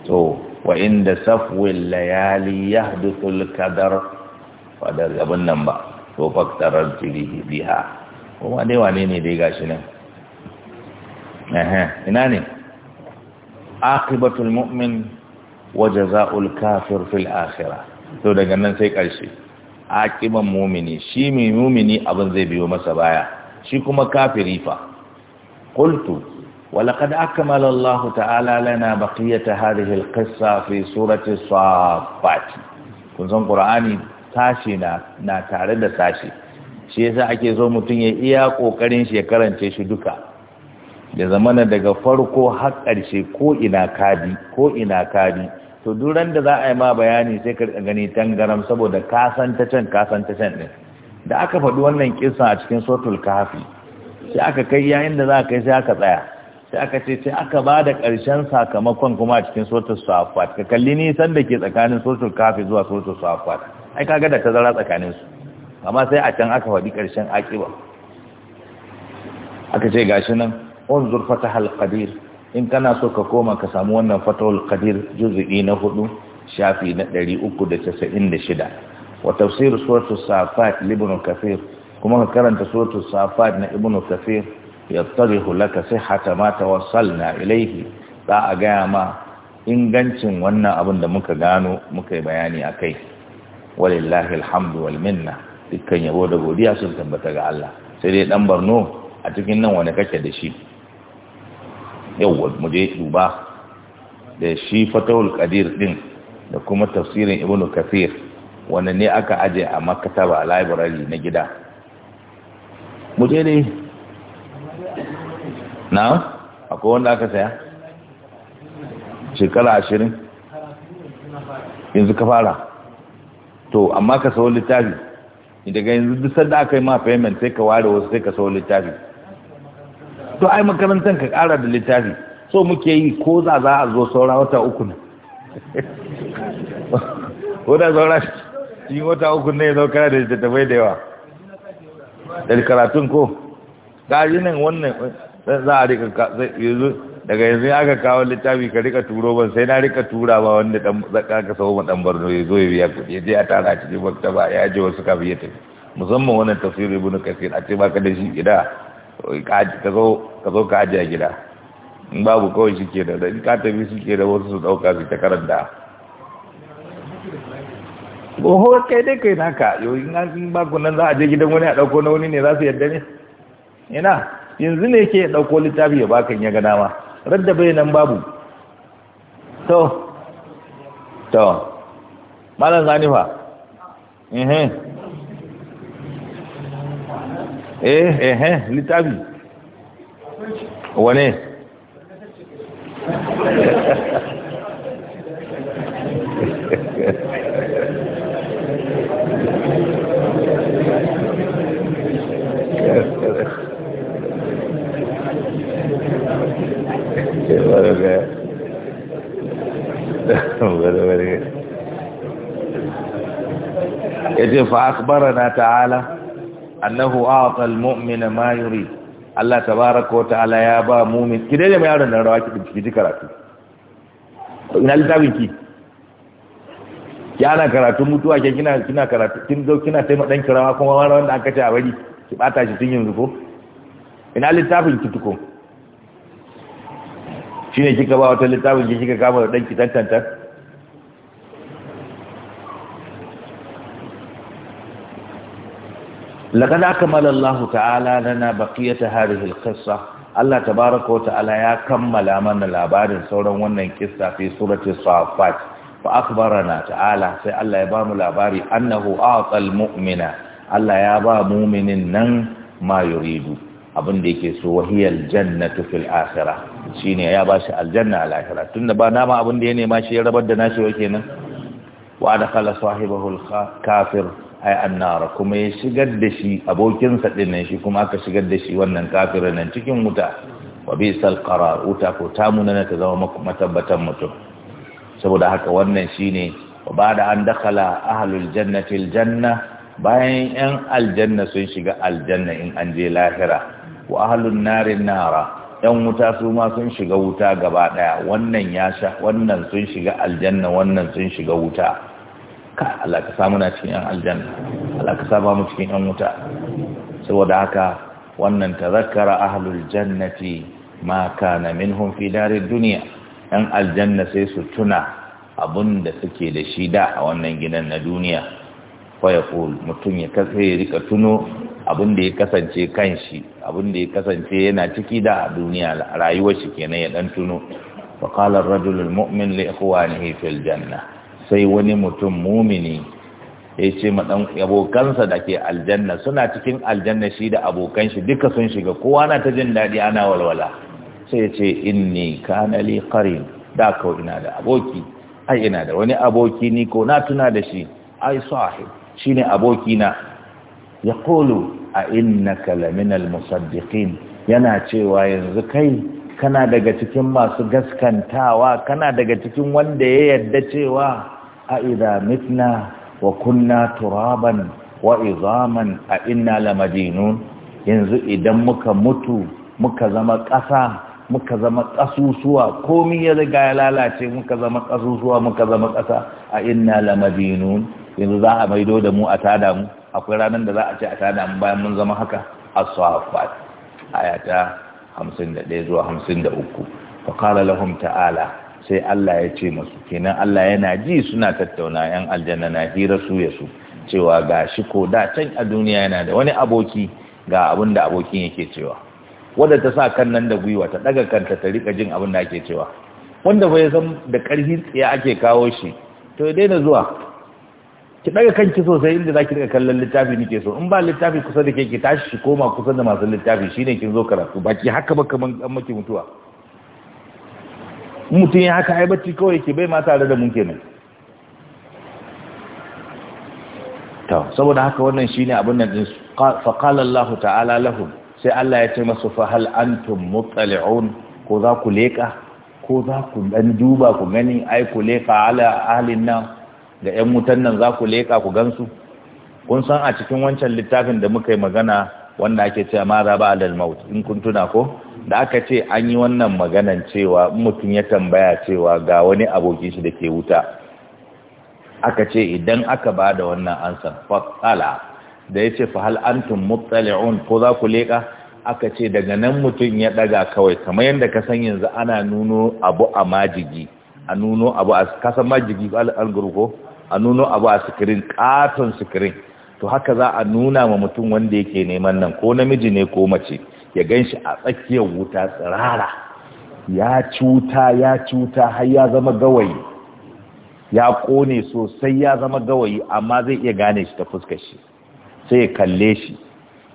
to wa inda safwil layali yahdithul kadar ba da gaban nan ba to faktararta biha kuma dai wane ne dai gashi nan ina ne aqibatul mu'min wa jazaa'ul kafir fil akhirah to daga nan sai karshe akiban mu'mini shi mai mu'mini abin zai biyo masa baya shi kuma kafiri fa qultu wa laqad akmala Allah ta'ala lana baqiyata hadhihi al-qissa fi surati as-saffat kun san qur'ani tashi na na tare da tashi shi yasa ake so mutum ya iya kokarin shi ya karance shi duka Da zamana daga farko har ƙarshe ko ina kadi ko ina kadi to duran da za a yi ma bayani sai ka gani tangaram saboda kasan ta can can din da aka faɗi wannan kisa a cikin sotul kafi sai aka kai yayin da za kai sai aka tsaya sai aka ce sai aka ba da ƙarshen sakamakon kuma a cikin sotul safat ka kalli nisan da ke tsakanin sotul kafi zuwa sotul safat ai kaga da tazara tsakaninsu amma sai a can aka faɗi ƙarshen aƙiba aka ce gashi nan unzur fatahal qadir in kana so ka koma ka samu wannan fatahul qadir juz'i na hudu shafi na 396 wa tafsir suratu safat libnu kafir kuma ka karanta suratu safat na ibnu kafir ya yattarihu laka sihhata ma tawassalna ilayhi za a gaya ma ingancin wannan abin da muka gano muka yi bayani akai walillahi alhamdu wal minna dukkan yabo da godiya sun tabbata ga Allah sai dai dan barno a cikin nan wani kake da shi yawwa mu je duba da shi fatawul qadir din da kuma tafsirin ibnu kathir wanda ne aka aje a makataba library na gida mu je dai na akwai wanda aka saya shekara ashirin yanzu ka fara to amma ka sawo littafi daga yanzu duk sanda aka yi ma payment sai ka ware wasu sai ka sau littafi to ai makarantar ka kara da littafi so muke yi ko za za a zo saura wata uku ne ko da saura shi wata uku ne zau zo da littattafai da yawa da karatun ko ga nan wannan za a rika yanzu daga yanzu ya aka kawo littafi ka rika turo ban sai na rika tura ba wanda dan zaka ka sawo ma dan barno ya zo ya biya kuɗi ya je a tara cikin maktaba ya je wasu kafin ya tafi musamman wannan tafsir ibn kasir a ce baka da shi gida ka zo ka zo ka aje gida in babu kawai shi ke da in ka tafi shi ke da wasu su dauka su ta karanta oho kai dai kai naka yau in ba ku nan za a je gidan wani a dauko na wani ne za su yadda ne ina yanzu ne ke ya dauko littafi ya baka in ya dama radda bai nan babu to to malam zanifa eh eh ehe litabi wane yace fa akhbarana ta'ala annahu a'ta al-mu'mina ma yuri Allah tabaaraka wa ta'ala ya ba mu'min kidai mai yaron nan rawa ki ji karatu to ina littafin ki yana karatu mutuwa ke kina kina karatu kin zo kina sai madan kirawa kuma wani wanda aka ce a bari ki bata shi tun yanzu ko ina littafin ki tuko shine kika ba wata littafin ki kika kama dan ki tantanta لقد أكمل الله تعالى لنا بقية هذه القصة Allah tabaraka wa ta'ala ya kammala mana labarin sauran wannan kissa fi surati safat fa akhbarana ta'ala sai Allah ya bamu mu labari annahu aqal mu'mina Allah ya ba mu'minin nan ma yuridu abin da yake so wahiyal jannatu fil akhirah shine ya bashi shi aljanna al tunda ba nama abin da ya nema shi ya rabar da nashi wa kenan wa adkhala sahibahu kafir ai annara kuma ya shigar da shi abokinsa din nan shi kuma aka shigar da shi wannan kafirin nan cikin wuta wa bisal qarar wuta ko tamuna ta zama matabbatan mutum saboda haka wannan shine wa bada an dakala ahlul jannati janna bayan yan aljanna sun shiga aljanna in an je lahira wa ahlun nari nara yan wuta su ma sun shiga wuta gaba daya wannan ya sha wannan sun shiga aljanna wannan sun shiga wuta haka Allah ka samu na cikin yan aljanna Allah ka saba mu cikin yan wuta saboda haka wannan tazakkara ahlul jannati ma kana minhum fi darid dunya yan aljanna sai su tuna abun da suke da shi da a wannan gidan na duniya fa yaqul mutum ya kace ya rika tuno abun da ya kasance kan shi abun da ya kasance yana ciki da a duniya rayuwar shi kenan ya dan tuno fa qala ar-rajulu al-mu'min li ikhwanihi fil janna sai wani mutum mumini ya ce maɗan abokansa da ke aljanna suna cikin aljanna shi da abokan shi duka sun shiga kowa na ta jin daɗi ana walwala sai ce inni kanali qarin da kawo ina da aboki ai ina da wani aboki ni ko na tuna da shi ai shi ne aboki na kolo a inna kalaminal musaddiqin yana cewa yanzu kai kana daga cikin masu gaskantawa kana daga cikin wanda ya yarda cewa a mitna wa kunna turaban wa izaman a inna lamadinun yanzu idan muka mutu muka zama ƙasa muka zama ƙasusuwa komi ya riga ya lalace muka zama ƙasusuwa muka zama ƙasa a inna lamadinun yanzu za a maido da mu a tada mu akwai ranar da za a ce a tada mu bayan mun zama haka as-saffat ayata 51 zuwa 53 fa qala lahum ta'ala sai Allah ya ce masu kenan Allah yana ji suna tattauna yan aljanna na hira su ya su cewa ga shi ko da can a duniya yana da wani aboki ga abin da abokin yake cewa wadda ta sa kan nan da gwiwa ta daga kanta ta rika jin abin da ake cewa wanda bai san da karfi ya ake kawo shi to ya daina zuwa ki daga kanki sosai inda zaki daga kallon littafi nike so in ba littafi kusa da ke ki tashi koma kusa da masu littafi shine kin zo karatu baki haka ba kaman an maki mutuwa mutum ya haka aibacci kawai ke bai ma tare da mun kenan to saboda haka wannan shine abin nan din fa qala Allah ta'ala lahum sai Allah ya ce masu fa hal antum muttali'un ko za ku leka ko za ku dan duba ku gani ai ku leka ala ahlin nan ga ƴan mutan nan za ku leka ku gansu kun san a cikin wancan littafin da muka yi magana wanda ake cewa ma za ba maut in kun tuna ko da aka ce an yi wannan maganan cewa mutum ya tambaya cewa ga wani abokin shi da ke wuta aka ce idan aka ba da wannan ansan fatsala da ya ce fahal antum mutsali'un ko za ku leƙa aka ce daga nan mutum ya ɗaga kawai kamar yadda ka san yanzu ana nuno abu a majigi a nuno abu a kasan majigi alguru a nuno abu a sikirin ƙaton sikirin to haka za a nuna ma mutum wanda yake neman nan ko namiji ne ko mace ya gan shi a tsakiyar wuta tsirara ya cuta ya cuta har ya zama gawayi ya kone sosai ya zama gawayi amma zai iya gane shi ta fuskar shi sai ya kalle shi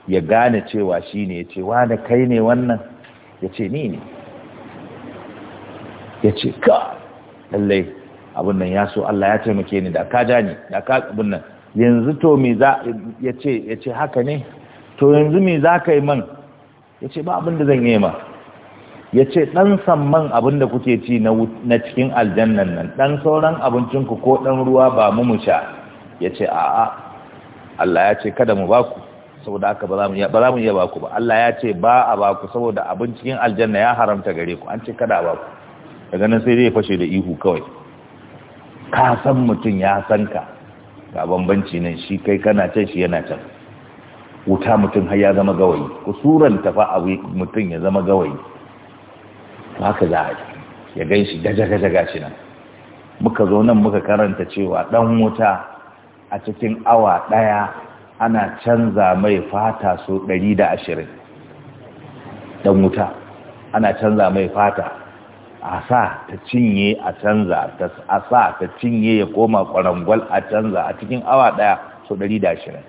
ya gane cewa shi ne ya ce wane kai ne wannan ya ce ni ne ya ce ka lallai abin nan ya so Allah ya taimake ni da ka ja ni da ka abin nan yanzu to me za ya ce ya ce haka ne to yanzu me za ka yi man ya ce ba abin da zan yi ma ya ce ɗan samman abin da kuke ci na cikin aljannan nan ɗan sauran abincinku ko ɗan ruwa ba mu mu ya ce a'a Allah ya ce kada mu baku saboda aka ba za mu iya baku ba Allah ya ce ba a baku saboda abin cikin aljanna ya haramta gare ku an ce kada a baku daga nan sai zai fashe da ihu kawai ka san mutum ya san ka ga bambanci nan shi kai kana can shi yana can wuta mutum har ya zama gawayi ku suran tafa a mutum ya zama gawayi haka za a yi ya gan shi daga-daga shi nan muka zo nan muka karanta cewa ɗan wuta a cikin awa ɗaya ana canza mai fata so ɗari da ashirin ɗan wuta ana canza mai fata a sa ta cinye a canza a sa ta cinye ya koma ƙwarangwal a canza a cikin awa ɗaya so ɗari da ashirin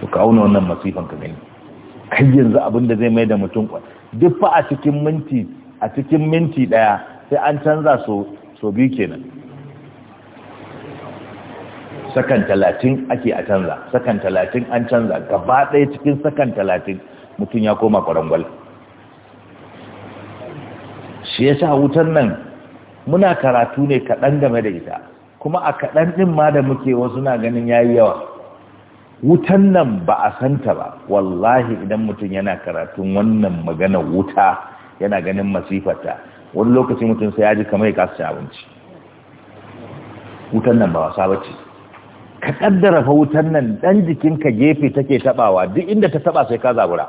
su kauna wannan masifan ka gani kai yanzu abin da zai mai da mutum kwa duk fa a cikin minti a cikin minti daya sai an canza so so biyu kenan sakan talatin ake a canza sakan talatin an canza gaba ɗaya cikin sakan talatin mutum ya koma kwarangwal shi ya sa wutar nan muna karatu ne kaɗan game da ita kuma a kaɗan ɗin ma da muke wasu na ganin ya yi yawa wutan nan ba a santa ba wallahi idan mutum yana karatun wannan maganar wuta yana ganin masifata wani lokaci mutum sai ya ji kamar ya kasa cin abinci wutan nan ba wasa ce ka kaddara fa wutan nan dan jikinka gefe take tabawa duk inda ta taba sai ka zabura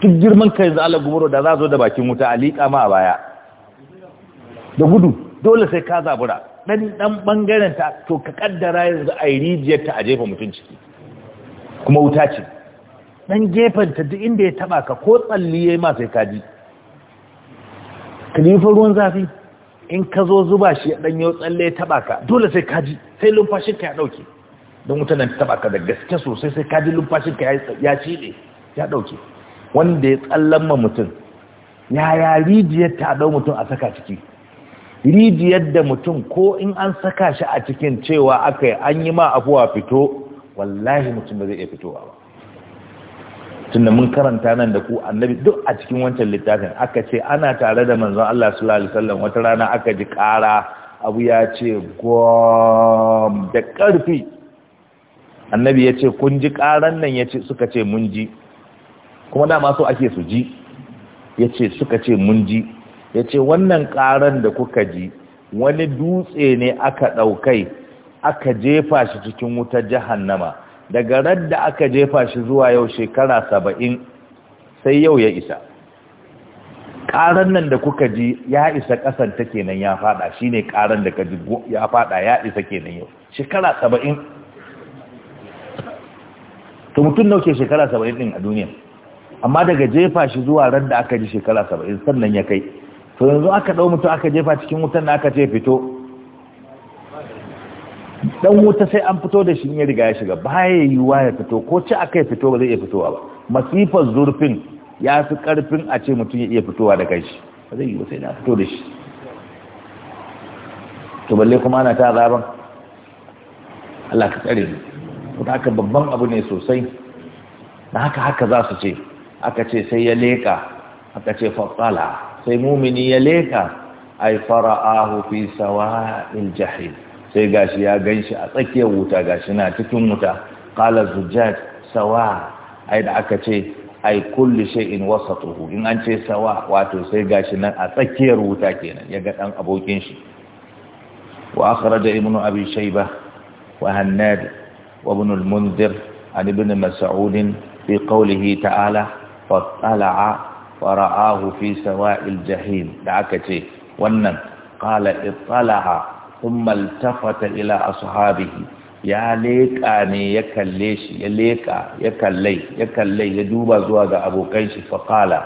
duk girman ka yanzu Allah gumuro da za zo da bakin wuta a liƙa ma a baya da gudu dole sai ka zabura dan dan bangaren ta to ka ƙaddara yanzu a rijiyar ta a jefa mutum ciki kuma wuta ce Ɗan gefen ta duk inda ya taba ka ko tsalli yayi ma sai ka ji kalifa ruwan zafi in ka zo zuba shi ya yau tsalle ya taba ka dole sai ka sai lumfashin ka ya dauke don wuta nan ta taba ka da gaske sosai sai kaji lumfashin ka ya ciɗe, ya dauke wanda ya tsallan ma mutum yaya rijiyar ta dau mutum a saka ciki rijiyar da mutum ko in an saka shi a cikin cewa aka yi an yi ma afuwa fito wallahi mutum da zai iya fitowa ba tunda mun karanta nan da ku annabi duk a cikin wancan littafin aka ce ana tare da manzon Allah sallallahu alaihi wasallam wata rana aka ji ƙara abu ya ce gwam da ƙarfi annabi ya ce kun ji ƙaran nan ya ce suka ce mun ji kuma dama so ake su ji ya ce suka ce mun ji ya ce wannan ƙaran da kuka ji wani dutse ne aka ɗaukai aka jefa shi cikin wutar jahannama daga radda aka jefa shi zuwa yau shekara saba'in sai yau ya isa ƙaran nan da kuka ji ya isa ƙasan ta kenan ya fada shi ne ƙaran da ka ji ya fada ya isa kenan yau shekara saba'in to mutum nauke shekara saba'in ɗin a duniya amma daga jefa shi zuwa radda aka ji shekara saba'in sannan ya kai to yanzu aka ɗau mutu aka jefa cikin wutan na aka ce fito dan wuta sai an fito da shi in ya riga ya shiga yi yiwuwa ya fito ko ci aka fito ba zai iya fitowa ba masifar zurfin ya fi karfin a ce mutum ya iya fitowa da kai shi ba zai yiwu sai na fito da shi to balle kuma ana ta zaben Allah ka tsare ku kuma haka babban abu ne sosai Na haka haka za su ce aka ce sai ya leƙa aka ce fatsala سیمو منی یلی کا ای فرآه فی سوائل جحیل سی گاشی آگئی شی ووتا گاشی نا تکیم قال الزجاج سوا ای دعکا چی ای کل وسطه این انچی سوا واتو سی گاشی نا اتکی ووتا کینا یگت ان ابو کنشی و ابن ابي شيبة وهناد وابن المنذر عن ابن مسعود في قوله تعالى فطلع fara'ahu fi sawa'il jahim da aka ce wannan qala ittalaha thumma iltafata ila ashabihi ya leƙa ne ya kalle shi ya leƙa ya kallai ya kalle ya duba zuwa ga abokan shi qala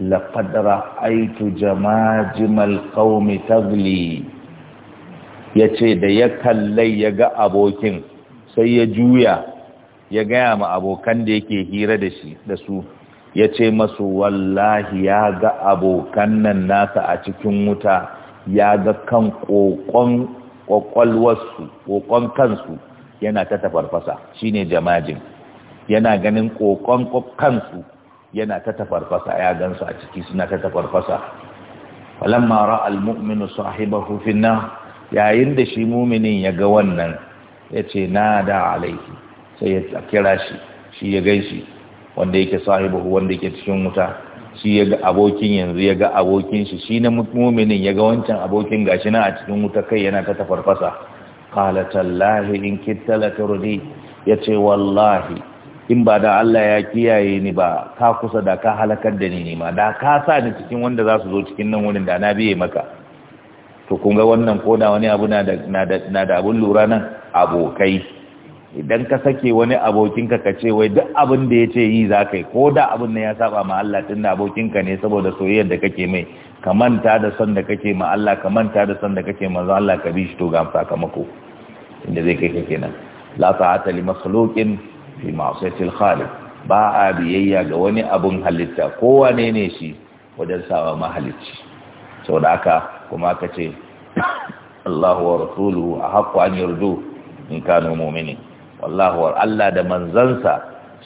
laqad ra'aytu jamajimal qaumi tagli yace da ya kallai ya ga abokin sai ya juya ya gaya ma abokan da yake hira da shi da su ya ce masu wallahi ya ga abokan nan nasa a cikin wuta ya ga kan ƙoƙon kansu yana ta tafarfasa shi ne jamajin yana ganin ƙoƙon kansu yana ta tafarfasa ya gansu a ciki suna ta tafarfasa mara almuminu mu'minu sahibahu nan yayin da shi muminin ya ga wannan ya ce na da alaiki sai ya kira shi shi ya gaishe wanda yake sahibu wanda yake cikin wuta shi yaga abokin yanzu yaga abokin shi shi na mu'minin yaga wancan abokin gashi na a cikin wuta kai yana ta tafarfasa qala tallahi in kitala turdi yace wallahi in ba da Allah ya kiyaye ni ba ka kusa da ka halakar da ni ne ma da ka sa ni cikin wanda za su zo cikin nan wurin da na biye maka to kun ga wannan koda wani abu na da na da abun lura nan abokai idan ka sake wani abokinka ka ce wai duk abin da ya ce yi za ka yi ko da abin da ya saba ma Allah tun da abokinka ne saboda soyayyar da kake mai ka manta da son da kake ma Allah ka manta da son da kake zuwa Allah ka bi shi to ga sakamako inda zai kai kake nan la ta'ata li makhluqin fi ma'siyati khaliq ba a biyayya ga wani abun halitta ko ne ne shi wajen sawa mahalicci saboda haka kuma ka ce <coughs> Allahu wa rasuluhu a haqqu an yardu in kanu mu'minin wallahu Allah da manzansa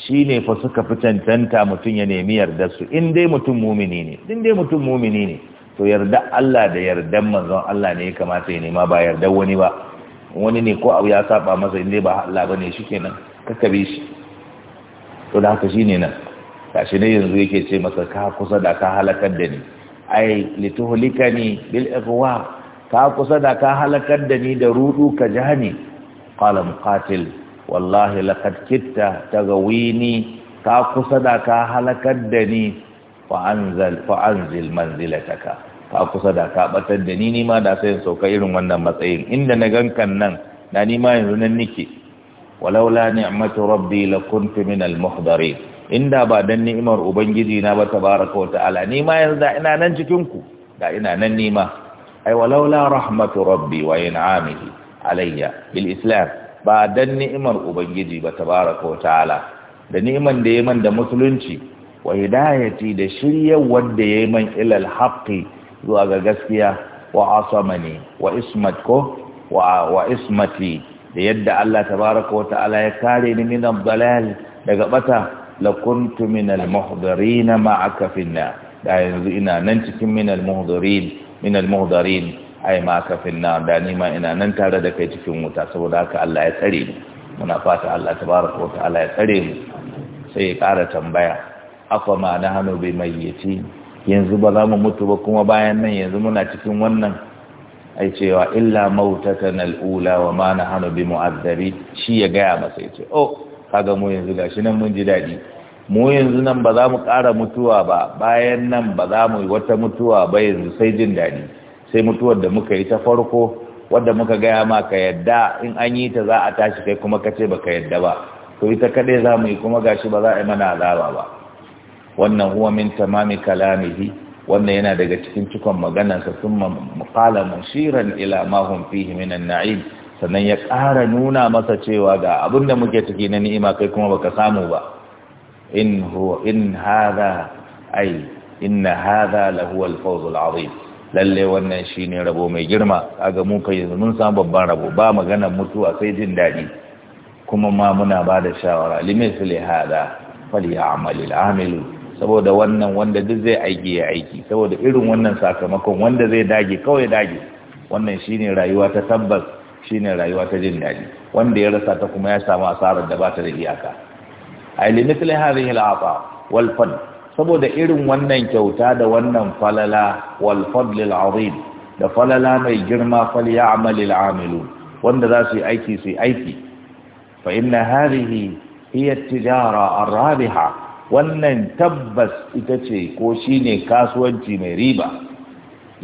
shi ne fa suka fi cancanta mutum ya nemi yarda su in dai mutum mumini ne in dai mutum mumini ne to yarda Allah da yardan manzon Allah ne ya kamata ya nema ba yarda wani ba wani ne ko abu ya saba masa in dai ba Allah bane nan, kakkabe shi to da haka shine nan gashi ne yanzu yake ce masa ka kusa da ka halakar da ni ai lituhlikani bil ighwa ka kusa da ka halakar da ni da rudu ka jani qala muqatil wallahi laqad kitta gawini ka kusa da ka halakar da ni fa manzilataka ka kusa da ka batar da ni ni ma da sai sauka irin wannan matsayin inda na gankan nan na ni ma yanzu nan nike walaula ni'matu rabbi lakuntu minal muhdari. inda ba dan ni'imar ubangiji na ba tabaraka wa ta'ala ni ma yanzu da ina nan cikin ku da ina nan ni ma ai walaula rahmatu rabbi wa in'amihi alayya bil islam ba dan ni'imar ubangiji ba tabaraka wa ta'ala da ni'iman da yayin da musulunci wa hidayati da shiryar wanda yayin man ilal haqqi zuwa ga gaskiya wa asamani wa ismat ko wa ismati da yadda Allah tabaraka wa ta'ala ya kare ni min dalal daga bata la kuntu min al muhdarin ma'aka finna da yanzu ina nan cikin min al min al muhdarin ai ma ka finna da ni ma ina nan tare da kai cikin wuta saboda haka Allah ya tsare mu muna fata Allah tabaraka wa ta'ala ya tsare mu sai ya ƙara tambaya afa ma nahnu bi mayyiti yanzu ba za mu mutu ba kuma bayan nan yanzu muna cikin wannan ai cewa illa mautatan al'ula wa ma nahnu bi mu'azzari shi ya gaya masa ya ce oh kaga mu yanzu gashi nan mun ji daɗi mu yanzu nan ba za mu ƙara mutuwa ba bayan nan ba za mu yi wata mutuwa ba yanzu sai jin daɗi. sai mutuwar da muka yi ta farko wadda muka gaya ma ka yadda in an yi ta za a tashi kai kuma ka ba baka yadda ba to ita kadai za mu yi kuma gashi ba za a yi mana azaba ba wannan huwa min tamami kalamihi wannan yana daga cikin cikon maganarsa sun maƙala mashiran ila mahun fihi minan na'im sannan ya ƙara nuna masa cewa ga abin da muke ciki na ni'ima kai kuma baka samu ba in huwa in hadha ai inna hadha lahu al-fawz al-azim lalle wannan shine rabo mai girma kaga mu kai yanzu mun samu babban rabo ba magana mutuwa sai jin dadi kuma ma muna ba da shawara limithli hada amali amilu saboda wannan wanda duk zai aiki ya aiki saboda irin wannan sakamakon wanda zai dage kawai dage wannan shine rayuwa ta tabbas shine rayuwa ta jin dadi wanda ya rasa ta kuma ya samu asarar da ba ta da iyaka ay limithli yi al wal fadl saboda irin wannan kyauta da wannan falala wal fadlil azim da falala mai girma fal ya'malil amilu wanda za su yi aiki su yi aiki fa inna hadhihi hiya tijara ar-rabiha wannan tabbas ita ce ko shine kasuwanci mai riba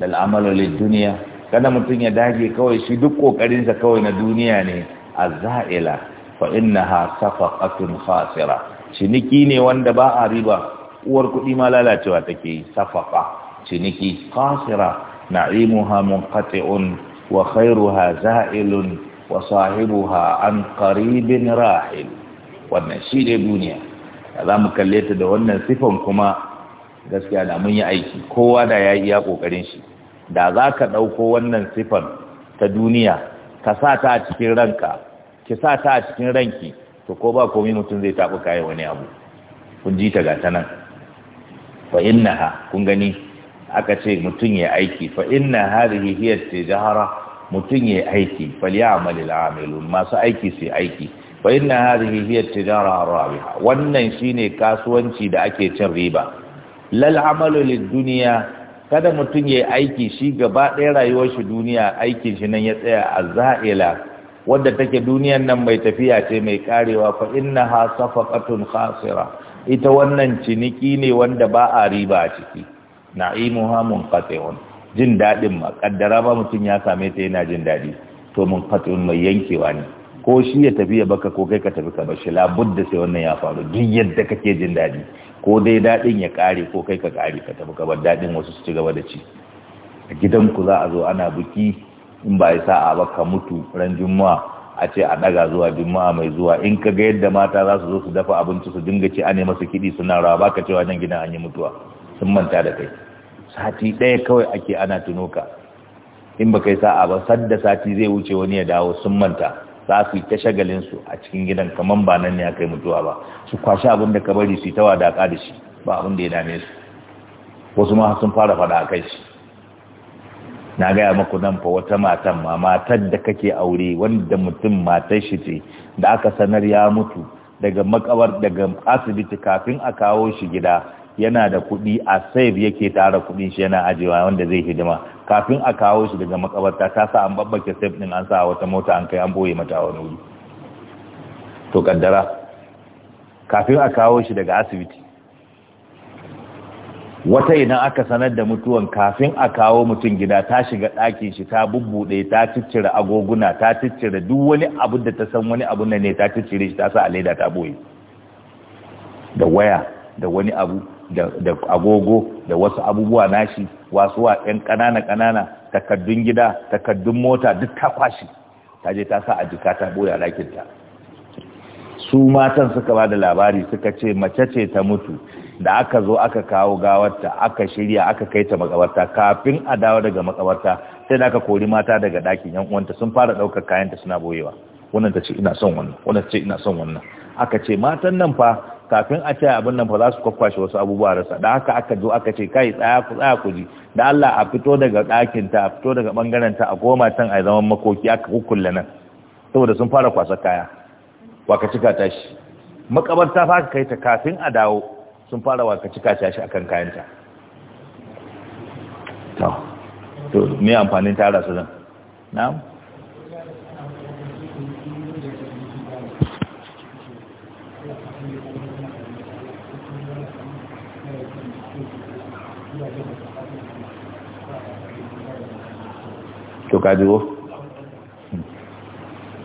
lal amalu lid dunya kada mutum ya dage kawai shi duk kokarinsa kawai na duniya ne azza'ila fa innaha safaqatun khasira ciniki ne wanda ba a riba uwar kuɗi ma lalacewa take safafa ciniki na qasira na'imuha munqati'un wa khairuha za'ilun wa sahibuha an karibin rahil wannan shi ne duniya za mu kalle ta da wannan sifan kuma gaskiya da mun yi aiki kowa da ya iya kokarin shi da za ka ɗauko wannan sifan ta duniya ka sa ta a cikin ranka ki sa ta a cikin ranki to ko ba komai mutum zai taɓa kayan wani abu kun ji ta ga ta nan fa innaha kun gani aka ce mutum ya aiki fa inna hadhihi hiya tijara mutum ya aiki falyamal al'amilun masu aiki sai aiki fa inna hadhihi hiya tijara rabiha wannan shine kasuwanci da ake cin riba lal amalu kada mutum ya yi aiki shi gaba ɗaya rayuwar shi duniya aikin shi nan ya tsaya a za'ila wadda take duniyan nan mai tafiya ce mai karewa fa inna safa safaqatun khasira ita wannan ciniki ne wanda ba a riba a ciki na'imuha munqati'un jin daɗin ma ƙaddara ba mutum ya same ta yana jin daɗi to munqati'un mai yankewa ne ko shi ya tafi ya baka ko kai ka tafi ka bashi da sai wannan ya faru duk yadda kake jin daɗi? ko dai daɗin ya ƙare ko kai ka ƙare ka tafi ka bar daɗin wasu su ci gaba da ci a gidanku za a zo ana biki in ba ya sa'a ba ka mutu ran juma'a a ce a ɗaga zuwa juma'a mai zuwa in ka ga yadda mata za su zo su dafa abinci su dinga ci ane masu kiɗi suna rawa ka cewa nan gina an yi mutuwa sun manta da kai sati ɗaya kawai ake ana tuno ka in ba kai sa'a ba sadda sati zai wuce wani ya dawo sun manta za su yi ta shagalin su a cikin gidan kamar ba nan ne aka kai mutuwa ba su kwashi abin da ka bari su yi ta wadaka da shi ba abin da ya dame su wasu ma sun fara faɗa a kai shi na gaya maku nan fa wata matan ma matar da kake aure wanda mutum matar shi ce da aka sanar ya mutu daga makawar daga asibiti kafin a kawo shi gida yana da kuɗi a saif yake tara kuɗin shi yana ajewa wanda zai hidima kafin a kawo shi daga makabarta ta sa an babbake saif din an sa wata mota an kai an boye mata a wani wuri to kaddara kafin a kawo shi daga asibiti wata idan aka sanar da mutuwan kafin a kawo mutum gida ta shiga ɗakin shi ta bubbuɗe ta ciccire agoguna ta ciccire duk wani abu da ta san wani abu na ne ta ciccire shi ta sa a leda ta boye da waya da wani abu da agogo da wasu abubuwa nashi wasu wa ƴan kanana ƙanana takaddun gida takaddun mota duk ta kwashi ta je ta sa a jika ta boye a ɗakin ta su matan suka ba da labari suka ce mace ce ta mutu da aka zo aka kawo gawarta aka shirya aka kai ta makabarta kafin a dawo daga makabarta sai da aka kori mata daga ɗakin yan uwanta sun fara ɗaukar kayanta suna boyewa wannan ta ce ina son wannan wannan ta ce ina son wannan aka ce matan nan fa kafin a ce abin nan fa za su kwakwashe wasu abubuwa rasa da haka aka zo aka ce kai tsaya ku tsaya ku ji da Allah a fito daga ɗakin ta a fito daga bangaren ta a koma can a zaman makoki aka kukkulle nan saboda sun fara kwasa kaya waka cika ta shi makabarta fa kai ta kafin a dawo sun fara waka cika ta shi akan kayanta to to me amfanin tara su nan na'am to kaji wo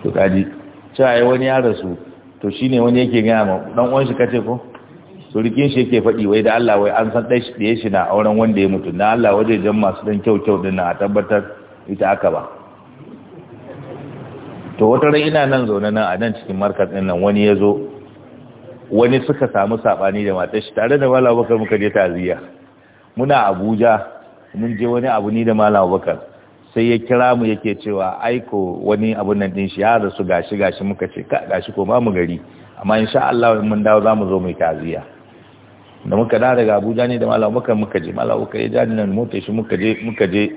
to kaji cewa wani ya rasu to shi wani yake gaya ma ɗan uwan shi kace ko rikin shi yake faɗi wai da Allah wai an san ɗaya shi na auren wanda ya mutu na Allah waje jan masu dan kyau kyau din na a tabbatar ita aka ba to wata ran ina nan zaune nan a nan cikin markas ɗin nan wani ya zo wani suka samu saɓani da matar shi tare da malam bakar muka je taziya muna abuja mun je wani abu ni da malam bakar sai ya kira mu yake cewa aiko wani abun nan din shi ya rasu gashi gashi muka ce ka gashi ko ba mu gari amma insha Allah mun dawo mu zo mu yi taziya da muka da daga Abuja ne da Malam muka muka je Malam Bakar ya jani nan mota shi muka je muka je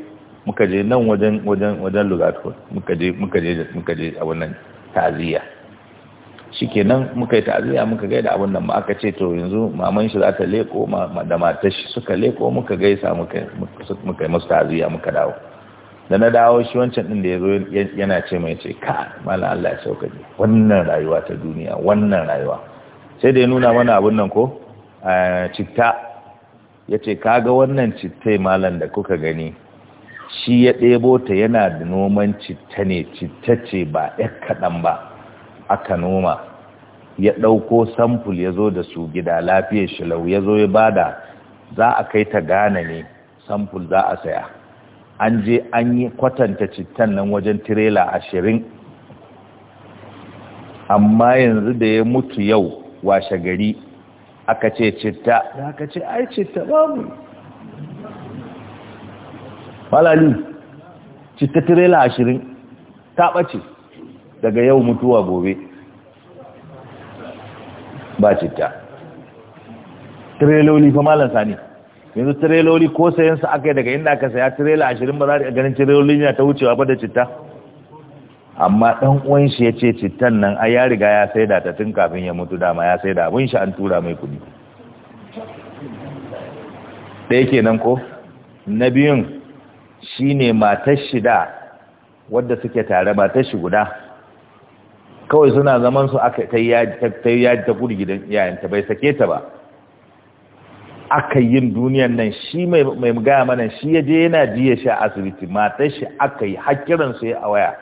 muka je nan wajen wajen wajen Lugatko muka je muka je muka je a wannan kaziya shikenan muka yi taziya muka gaida abun nan ma aka ce to yanzu maman shi za ta leko da matashi suka leko muka gaisa muka muka yi musu taziya muka dawo da na dawo shi wancan din da ya zo yana ce mai ce ka malam Allah ya sauka ne wannan rayuwa ta duniya wannan rayuwa sai da ya nuna mana abun nan ko citta ya ce kaga wannan cittai malam da kuka gani shi ya ɗebo ta yana da noman citta ne citta ce ba ɗan kaɗan ba aka noma ya ɗauko samful ya zo da su gida lafiyar shilau ya zo ya bada za a kai ta gane ne samful za a saya an je an yi kwatanta cittan nan wajen tirela ashirin amma yanzu da ya mutu yau washe gari aka ce citta da aka ce ai citta babu falali citta tirela ashirin ta ɓace daga yau mutuwa gobe ba citta tireloli fa malansa ne yanzu tireloli ko sayan su aka yi daga inda aka saya tirela ashirin ba za a ganin tireloli na ta wucewa ba da citta amma dan uwan shi ya ce cittan nan a ya riga ya saida ta tun kafin ya mutu dama ya saida abin shi an tura mai kudi ɗaya nan ko na biyun ne matar shida wadda suke tare matar shi guda kawai suna zaman su aka ta yaji ta kudi gidan 'ya'yanta bai sake ta ba aka yin duniyan nan shi mai gaya mana shi ya je yana jiya shi a asibiti matar shi aka yi hakiran su a waya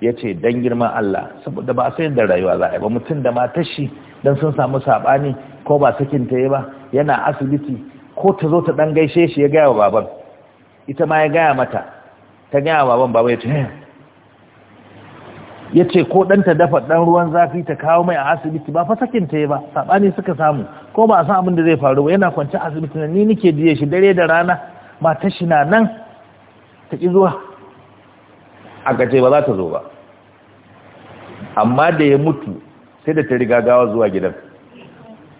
ya ce don girman Allah saboda ba sai da rayuwa za a ba mutum da matar shi don sun samu saɓani ko ba sakin ta yi ba yana asibiti ko ta zo ta ɗan gaishe shi ya gaya wa baban ita ma ya gaya mata ta gaya wa baban baban ya ce eh, ya ce ko ɗanta ta dafa ɗan ruwan zafi ta kawo mai a asibiti ba fa sakin ta ba saɓani suka samu ko ba a san abin da zai faru ba yana kwanci asibiti na ni nike jiye shi dare da rana ba ta na nan ta ƙi zuwa A ce ba za ta zo ba amma da ya mutu sai da ta riga gawa zuwa gidan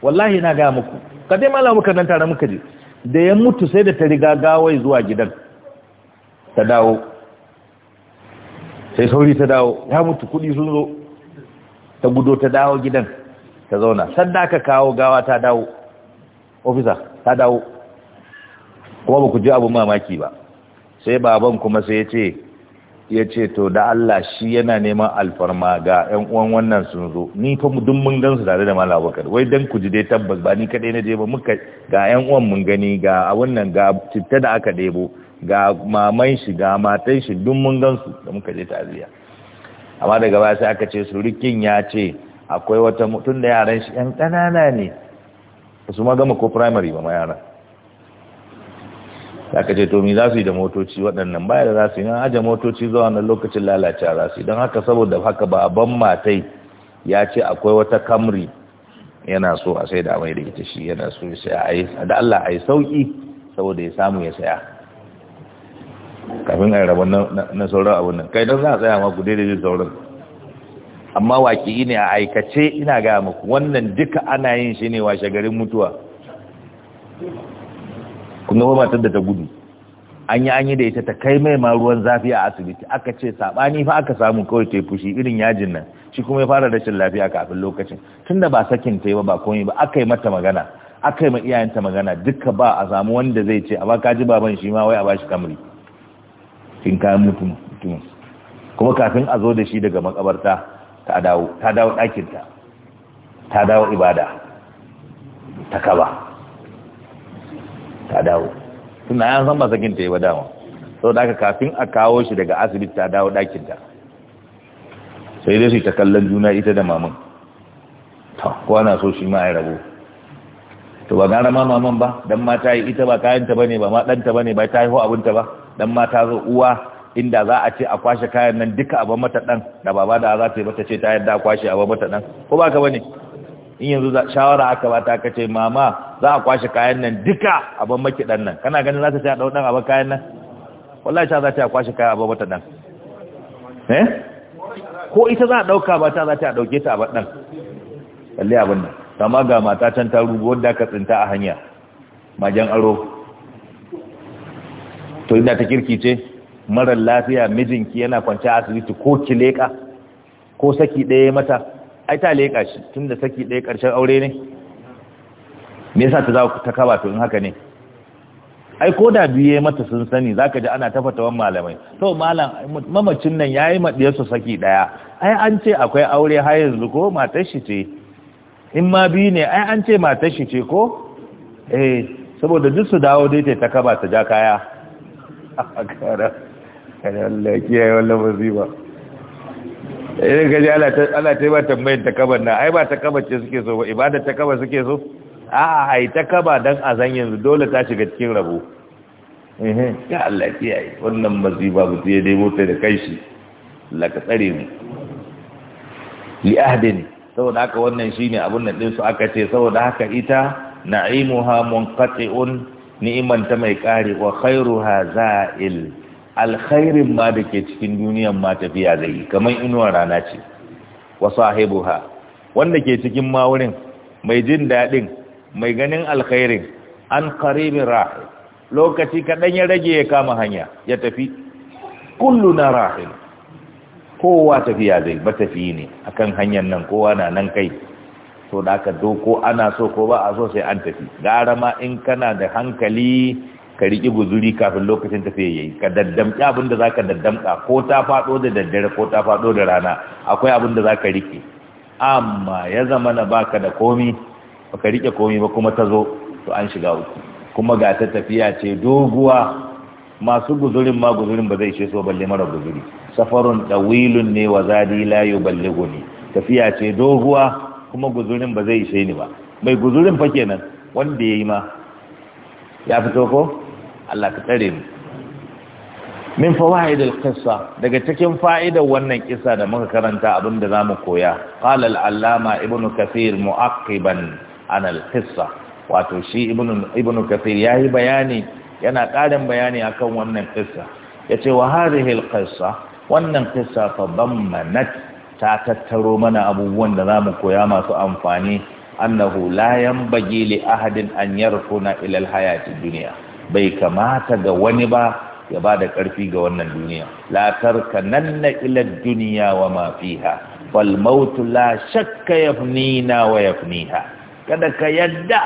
wallahi na gaya muku ka dai mala muka nan tare muka ji da ya mutu sai da ta riga gawa zuwa gidan ta dawo sai sauri ta dawo ya mutu kudi sun zo ta gudo ta dawo gidan ta zauna sanda aka kawo gawa ta dawo ofisa ta dawo kuma ba ku ji abin mamaki ba sai baban kuma sai ya ce ya ce to da Allah shi yana neman alfarma ga yan uwan wannan sun zo ni fa mu dun mun gan su tare da malam Abubakar wai dan ku ji dai tabbas ba ni kadai na je ba muka ga yan uwan mun gani ga a wannan ga citta da aka debo ga maman shi ga matan shi duk mun gansu da muka je ta'aziyya amma daga baya sai aka ce surukin ya ce akwai wata mutum da yaran shi yan ƙanana ne su ma gama ko primary ba ma yaran aka ce to mi za su yi da motoci waɗannan ba da za su yi na aje motoci zuwa wannan lokacin lalacewa za su yi don haka saboda haka baban matai ya ce akwai wata kamri yana so a sai da amai da ita shi yana so ya sai a yi da Allah a yi sauki saboda ya samu ya saya kafin a rabon na sauran abin nan kai don za a tsaya maku daidai da sauran amma waki ne a aikace ina gaya muku wannan duka ana yin shi ne washe garin mutuwa kun ba matar da ta gudu an yi an yi da ita ta kai mai ma ruwan zafi a asibiti aka ce saɓani fa aka samu kawai ta fushi irin yajin nan shi kuma ya fara rashin lafiya kafin lokacin tunda ba sakin ta yi ba ba komai ba aka yi mata magana aka yi ma iyayenta magana duka ba a samu wanda zai ce a ba ka ji baban shi ma wai a ba shi kamri sun kayan mutum kuma kafin a zo da shi daga makabarta ta dawo ta dawo ɗakinta ta dawo ibada ta kaba ta dawo suna yan san masakin ta yi ba dama sau da aka kafin a kawo shi daga asibiti ta dawo ɗakinta sai dai su ta kallon juna ita da maman ta kwana so shi ma a rabo to ba gara ma maman ba don ma ta yi ita ba kayanta ba ne ba ma ɗanta ba ne ba ta haihu abinta ba dan mata zo uwa inda za a ce a kwashe kayan nan duka a bar mata dan da baba da za ta yi mata ce ta yadda a kwashe a bar mata dan ko ba ka bane in yanzu shawara aka ba ta ka ce mama za a kwashe kayan nan duka a bar maki dan nan kana ganin za ta ce a dau dan a bar kayan nan wallahi sha za ta kwashe kayan a bar mata dan eh ko ita za a dauka ba ta za ta dauke ta a ban dan lalle abin nan amma ga mata can ta rubo wanda ka tsinta a hanya majan aro to inda ta kirki ce marar lafiya mijinki yana kwanci asibiti ko ki leka ko saki ɗaya mata ai ta leka shi tun da saki ɗaya ƙarshen aure ne me yasa ta za ta kaba to in haka ne ai ko da biye mata sun sani zaka ji ana ta wani malamai to malam mamacin nan yayi madiyar su saki ɗaya. ai an ce akwai aure har yanzu ko matar shi ce in ma bi ne ai an ce matar shi ce ko eh saboda duk su dawo dai ta kaba ta ja kaya kada Allah ya kiyaye wannan musiba idan gaji Allah ta yi ba tambayin takabar na ai ba takabar ce suke so ba ibadar takabar suke so a'a ai takaba a zan yanzu dole ta shiga cikin rabo ya Allah kiyaye wannan musiba mutum ya dai mota da kai shi Allah tsare mu li ahdin saboda haka wannan shine abun nan din su aka ce saboda haka ita na'imuha munqati'un ni'iman ta mai ƙari wa ha za'il alkhairin ma da ke cikin duniyan ma tafiya zai yi kamar inuwa rana ce wa ha, wanda ke cikin ma wurin mai jin daɗin mai ganin alkhairin an qaribin rahil lokaci kaɗan ya rage ya kama hanya ya tafi kullu na rahil kowa tafiya zai ba tafi ne akan hanyar nan kowa na nan kai so da ka doko ana so ko ba a so sai an tafi gara ma in kana da hankali ka riƙi guzuri kafin lokacin ya yi ka daddamƙi abin da za ka daddamka ko ta faɗo da daddare ko ta faɗo da rana akwai abin da za ka riƙe amma ya zama na baka da komi Ba ka riƙe komi ba kuma ta zo to an shiga uku kuma ga ta tafiya ce doguwa masu guzurin ma guzurin ba zai ce so balle mara guzuri safarun dawilun ne wa zadi balle yuballighuni tafiya ce doguwa kuma guzurin ba zai ishe ni ba mai guzurin fa kenan wanda yayi ma ya fito ko Allah ka tsare mu min fawaid al daga cikin fa'idar wannan kissa da muka karanta abinda zamu koya qala al-allama kathir mu'aqiban an al-qissa wato shi ibnu ibnu kathir yayi bayani yana ƙarin bayani akan wannan kissa yace wa hadhihi al wannan kissa fa dammanat ta tattaro mana abubuwan da zamu koya masu amfani annahu la yanbaghi li ahadin an yarkuna ila alhayati dunya bai kamata ga wani ba ya ba da ƙarfi ga wannan duniya la tarkananna ila dunya wa ma fiha wal maut la shakka yafnina wa yafniha kada ka yadda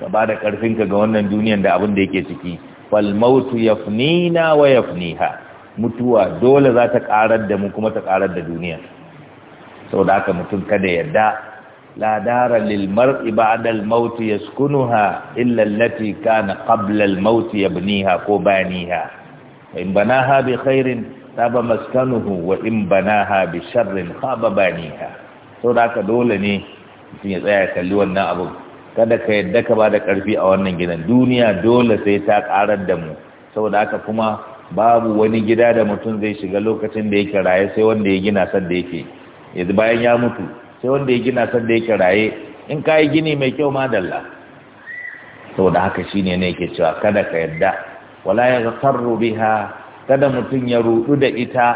ka ba da ƙarfinka ga wannan duniyan da abin da yake ciki wal maut yafnina wa yafniha mutuwa dole za ta karar da mu kuma ta karar da duniya da aka mutum kada yarda la dara lil mar'i ba'da al maut yaskunuha ka na kana qabla al maut yabniha ko baniha in banaha bi khairin taba maskanuhu wa in banaha bi sharrin khaba baniha saboda dole ne mutum ya tsaya kalli wannan abu kada ka yadda ka bada karfi a wannan gidan duniya dole sai ta karar da mu saboda aka kuma babu wani gida da mutum zai shiga lokacin da yake raye sai wanda ya gina san da yake yanzu bayan ya mutu sai wanda ya gina sanda yake raye in ka yi gini mai kyau ma madalla saboda haka shine ne yake cewa kada ka yadda wala ya rubi biha kada mutum ya rudu da ita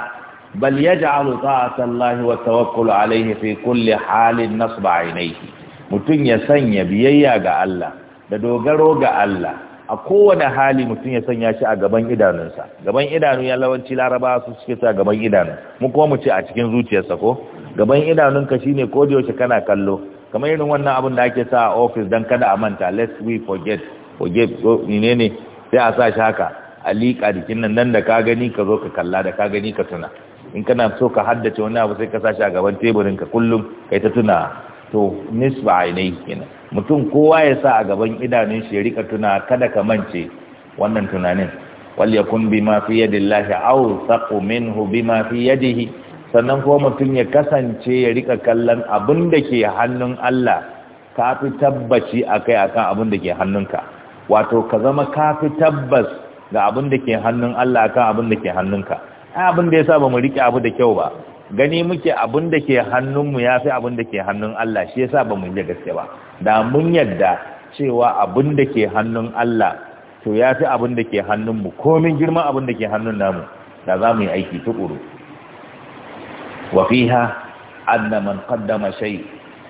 bal ya yaj'alu ta'atallahi wa tawakkulu alayhi fi kulle halin nasba ainihi mutum ya sanya biyayya ga Allah da dogaro ga Allah a kowane hali mutum ya sanya shi a gaban idanunsa gaban idanu ya lawanci larabawa su suke sa gaban idanu mu kuma mu ce a cikin zuciyarsa ko gaban idanunka shine ko da yaushe kana kallo kamar irin wannan abin da ake sa a ofis dan kada a manta let's we forget forget oh, ne sai a sa shi haka a liƙa jikin nan nan da ka gani ka zo ka kalla da ka gani ka tuna in kana so ka haddace wani abu sai ka sa shi a gaban teburin ka kullum kai ta tuna to nisba ainihi kenan mutum kowa ya sa a gaban idanun shi ya rika tuna kada ka mance wannan tunanin wal yakun bima fi yadillahi aw saqu minhu bima fi yadihi sannan kuma mutum ya kasance ya rika kallon abin da ke hannun Allah ka fi tabbaci a a akan abin da ke hannunka wato ka zama ka fi tabbas ga abin da ke hannun Allah akan abin da ke hannunka ai abin da yasa ba mu rike abu da kyau ba gani muke abin da ke hannunmu ya fi abin da ke hannun Allah shi yasa ba mu yi gaske ba da mun yadda cewa abin da ke hannun Allah to ya fi abin da ke hannunmu komin girman abin da ke hannun namu da za mu yi aiki tukuru Wafiha, fiha anna man qaddama shay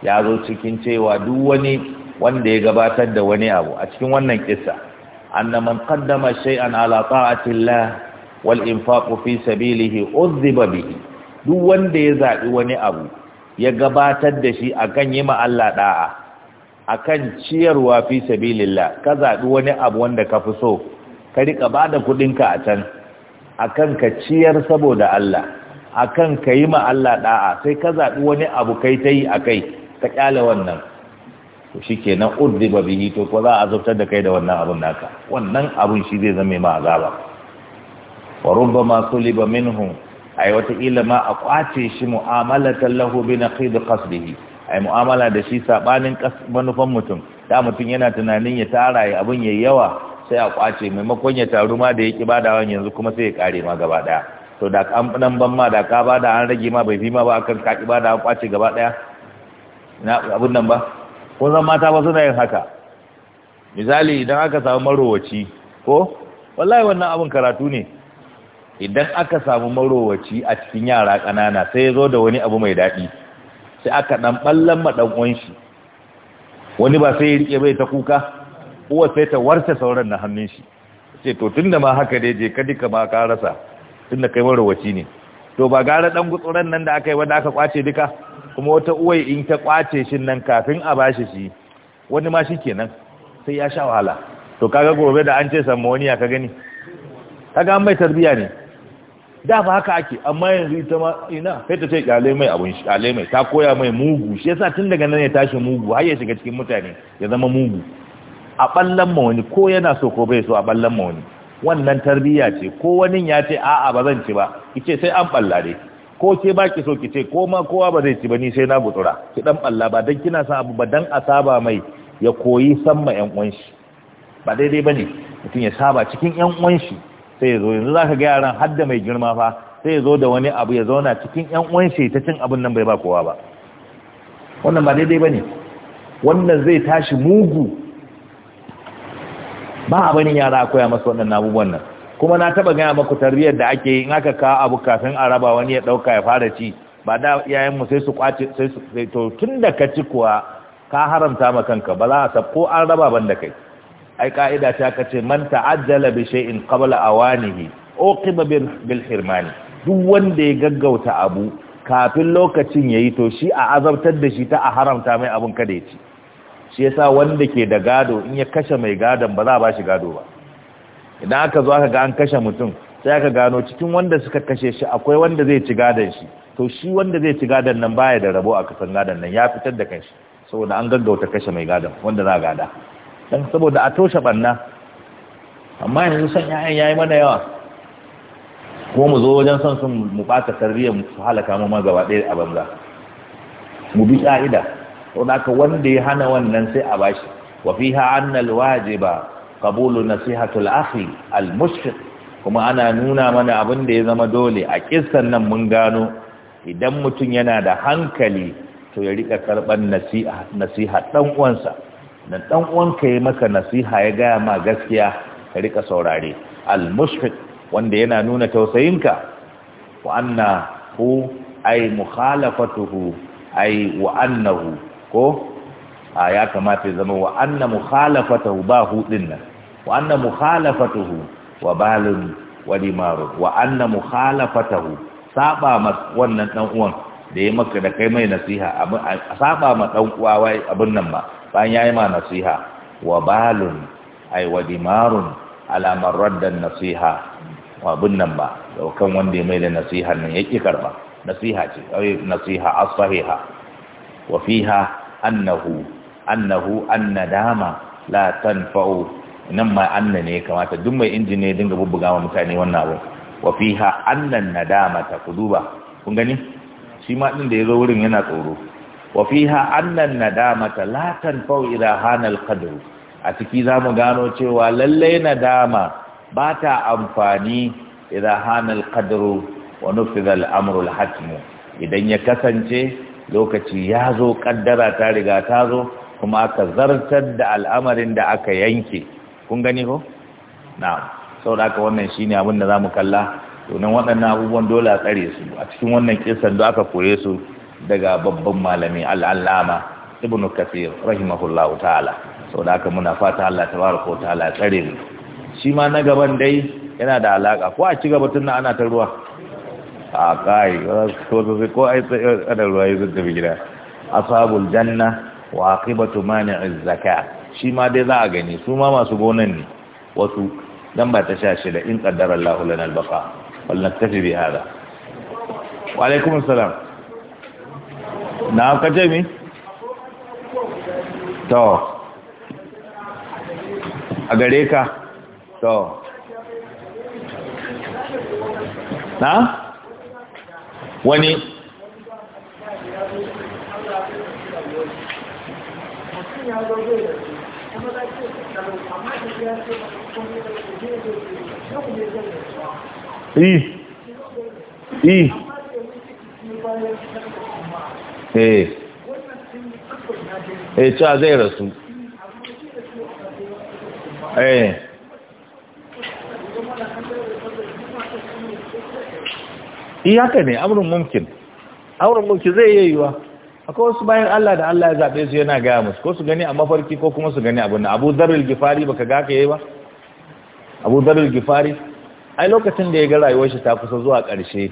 ya zo cikin cewa duk wani wanda ya gabatar da wani abu a cikin wannan kissa anna man qaddama shay'an ala ta'atillah wal infaqu fi sabilihi udhiba bihi duk wanda ya zabi wani abu ya gabatar da shi akan yi ma Allah da'a akan ciyarwa fi sabilillah ka zaɓi wani abu wanda ka fi so ka rika bada kuɗinka a can akan ka ciyar saboda Allah akan ka yi ma Allah da'a sai ka zaɓi wani abu kai ta yi a kai ka ƙyale wannan to shi ke nan urdi ba bihi to ko za a zubtar da kai da wannan abun naka wannan abun shi zai zama ma azaba wa rubba ma suliba minhu ai wata ila ma a kwace shi mu'amalatan lahu bi naqid qasdihi ai mu'amala da shi sabanin manufan mutum da mutum yana tunanin ya tara ya abun yayi yawa sai a kwace maimakon ya taru ma da yake badawan yanzu kuma sai ya kare ma gaba daya to da an nan ban ma da ka ba da an rage ma bai fi ma ba akan ka ba da an kwace gaba daya na abun nan ba ko zan mata ba suna yin haka misali idan aka samu marowaci ko wallahi wannan abun karatu ne idan aka samu marowaci a cikin yara kanana sai ya zo da wani abu mai daɗi sai aka ɗan ɓallon maɗan'uwan shi wani ba sai ya riƙe bai ta kuka uwa sai ta warta sauran na hannun shi sai to tun da ma haka dai je ka duka ma ka rasa tunda kai marowaci ne to ba gara dan gutsuran nan da aka yi wanda aka kwace duka kuma wata uwai in ta kwace shi nan kafin a bashi shi wani ma shi nan sai ya sha wahala to kaga gobe da an ce ya ka gani kaga an mai tarbiyya ne da ba haka ake amma yanzu ita ma ina sai ta ce kyale mai abun shi kyale mai ta koya mai mugu shi yasa tun daga nan ya tashi mugu har ya shiga cikin mutane ya zama mugu a ballan ma wani ko yana so ko bai so a ballan ma wani wannan tarbiyya ce ko wani ya ce a'a ba zan ci ba kice sai an ballare ko ce ba ki so ki ce ko ma kowa ba zai ci ba ni sai na gutsura ki dan balla ba dan kina san abu ba dan a saba mai ya koyi san ma yan uwan shi ba daidai bane mutum ya saba cikin yan uwan shi sai ya yanzu zaka ga yaran har da mai girma fa sai yazo da wani abu ya zauna cikin yan uwan shi ta cin abun nan bai ba kowa ba wannan ba daidai bane wannan zai tashi mugu ba a bani yara a koya masu waɗannan abubuwan nan kuma na taba gaya maku tarbiyyar da ake yi in aka kawo abu kafin a raba wani ya ɗauka ya fara ci ba da iyayen mu sai su kwace sai su sai to tun da ka ci kuwa ka haramta ma kanka ba za a sa ko an raba ban da kai ai ka'ida ta ka ce man ta'ajjala bi shay'in qabla awanihi uqiba bil hirmani duk wanda ya gaggauta abu kafin lokacin yayi to shi a azabtar da shi ta a haramta mai abun kada ya ci shi yasa wanda ke da gado in ya kashe mai gadon ba za ba shi gado ba idan aka zo aka ga an kashe mutum sai aka gano cikin wanda suka kashe shi akwai wanda zai ci gadon shi to shi wanda zai ci gadon nan baya da rabo a kasan gadon nan ya fitar da kanshi saboda an gaggauta kashe mai gadon wanda za a gada dan saboda a toshe banna amma yanzu son yayan yayi mana yawa ko mu zo wajen son sun mu bata tarbiyyar mu halaka mu ma gaba ɗaya a banza mu bi ka'ida to wanda ya hana wannan sai a bashi wa fiha annal wajiba qabulu nasihatul akhi al mushrik kuma ana nuna mana abin da ya zama dole a kissan nan mun gano idan mutum yana da hankali to ya rika karban nasiha nasiha dan uwansa dan dan uwanka yayi maka nasiha ya gaya ma gaskiya ka rika saurare al mushrik wanda yana nuna tausayinka wa anna hu ay mukhalafatuhu ay wa annahu ko a ya kamata ya zama wa anna mukhalafatahu ba hudin nan wa anna mukhalafatuhu wa balun wa dimaru wa anna mukhalafatahu saba ma wannan dan uwan da ya maka da kai mai nasiha a saba ma dan uwa wai abin nan ba bayan yayi ma nasiha wa balun ay wa dimarun ala man radda nasiha wa abin nan ba kan wanda ya mai da nasiha nan yake karba nasiha ce nasiha as-sahiha wa fiha annahu annahu annadama la tanfa'u nan ma anna ne kamata duk mai injini ne dinga bubbuga wa mutane wannan abu wa fiha annan nadama ta ku duba kun gani shi ma din da zo wurin yana tsoro wa fiha annan nadama ta la tanfa'u idha hana qadr a ciki zamu gano cewa lalle nadama ba ta amfani idha hana al-qadr wa nufidha al-amru al-hatm idan ya kasance lokaci ya zo kaddara ta riga ta zo kuma aka zartar da al'amarin da aka yanke kun gani ko na da aka wannan shine abin da za mu kalla tunan waɗannan abubuwan dole a tsare su a cikin wannan kisan da aka koye su daga babban malami al'allama ibn kathir rahimahullahu ta'ala da aka muna fata Allah ko ta'ala tsare mu shi ma na gaban dai yana da alaka ko a ci gaba tun ana ta ruwa عقاي وذكوا أي أنا لو أي أصحاب الجنة وعاقبة مانع الزكاة شي ما دي ذاقني سو ما ما سبونني وسو دنبا تشاشل إن قدر الله لنا البقاء ولنكتفي بهذا وعليكم السلام نعم كجيمي تو أغريكا تو نعم wani yi e. yi eh eh e, cewa zai rasu eh yi eh, haka ne amurin mumkin amurin mumkin zai yi yiwa akwai wasu bayan Allah da Allah ya zaɓe su yana gaya musu ko su gani a mafarki ko kuma su gani abin da abu zarar gifari baka ga ka yi ba abu zarar gifari ai lokacin da ya ga rayuwar shi ta kusa zuwa ƙarshe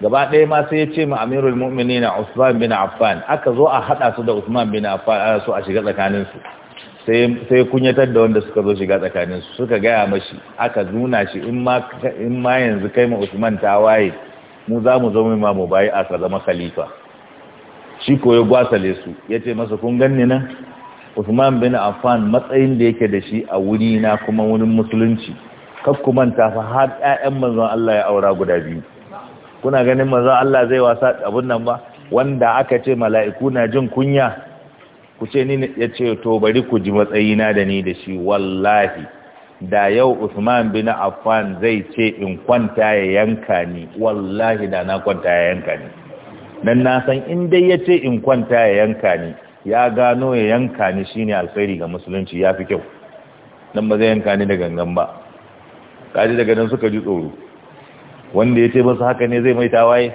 gaba ɗaya ma sai ya ce ma amirul mu'mini na usman bin affan aka zo a haɗa su da usman bin affan ana so a shiga tsakaninsu sai kunyatar da wanda suka zo shiga tsakaninsu suka gaya mashi aka nuna shi in ma yanzu kai ma usman ta waye mu za mu zama ma mu bayi a zama khalifa shi ko ya gwasale su ya ce masa kun ganni nan Usman bin Affan matsayin da yake da shi a wuri na kuma wurin musulunci kaf ku manta fa har ƴaƴan manzon Allah ya aura guda biyu kuna ganin manzon Allah zai wasa abun nan ba wanda aka ce mala'iku na jin kunya ku ce ni ya ce to bari ku ji matsayina da ni da shi wallahi da yau Usman bin Affan zai ce in kwanta ya yanka ni wallahi da na kwanta ya yanka ni dan na san in dai ya ce in kwanta ya yanka ni ya gano ya yanka ni shine alfairi ga musulunci ya fi kyau dan ba zai yanka ni da gangan ba kaji daga nan suka ji tsoro wanda ya ce masa haka ne zai mai tawaye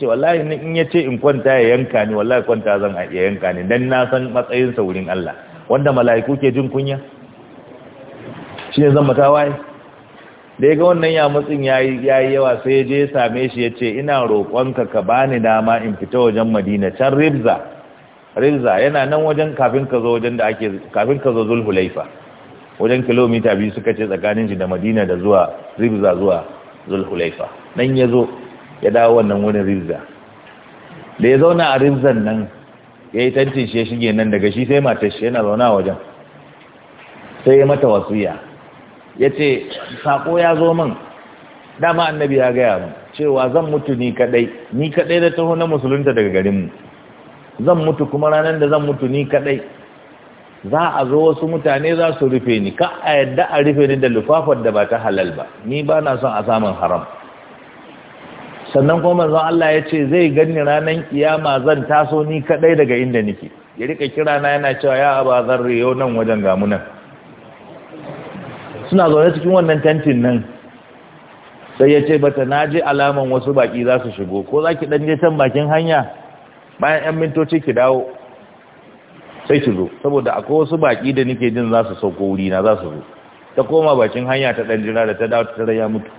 ce wallahi in ya ce in kwanta ya yanka ni wallahi kwanta zan a yanka ni dan na san matsayin sa wurin Allah wanda mala'iku ke jin kunya shi ne zan mata waye da ya ga wannan ya matsin ya yi yawa sai ya je ya same shi ya ce ina roƙonka ka bani dama in fita wajen madina can ribza ribza yana nan wajen kafin ka zo wajen da ake kafin ka zo zulhulaifa wajen kilomita biyu suka ce tsakanin shi da madina da zuwa ribza zuwa zulhulaifa nan ya zo ya dawo wannan wani ribza da ya zauna a ribzan nan ya yi tantin shi ya shige nan daga shi sai matar shi yana zauna wajen sai ya mata wasiya ya ce saƙo ya zo min dama annabi ya gaya min cewa zan mutu ni kaɗai ni kaɗai da taho na musulunta daga garinmu zan mutu kuma ranar da zan mutu ni kaɗai za a zo wasu mutane za su rufe ni ka a yadda a rufe ni da lufafar da ba ta halal ba ni ba na son a samun haram sannan kuma manzon Allah ya ce zai gani ranar kiyama zan taso ni kaɗai daga inda nake ya rika kira na yana cewa ya aba zarri yau nan wajen gamu nan suna zaune cikin wannan tantin nan sai ya ce bata na je alaman wasu baki za su shigo ko za ki ɗanje can bakin hanya bayan 'yan mintoci ki dawo sai ki zo saboda akwai wasu baki da nike jin za su sauko wuri na za su zo ta koma bakin hanya ta ɗan jira da ta dawo ta ya mutu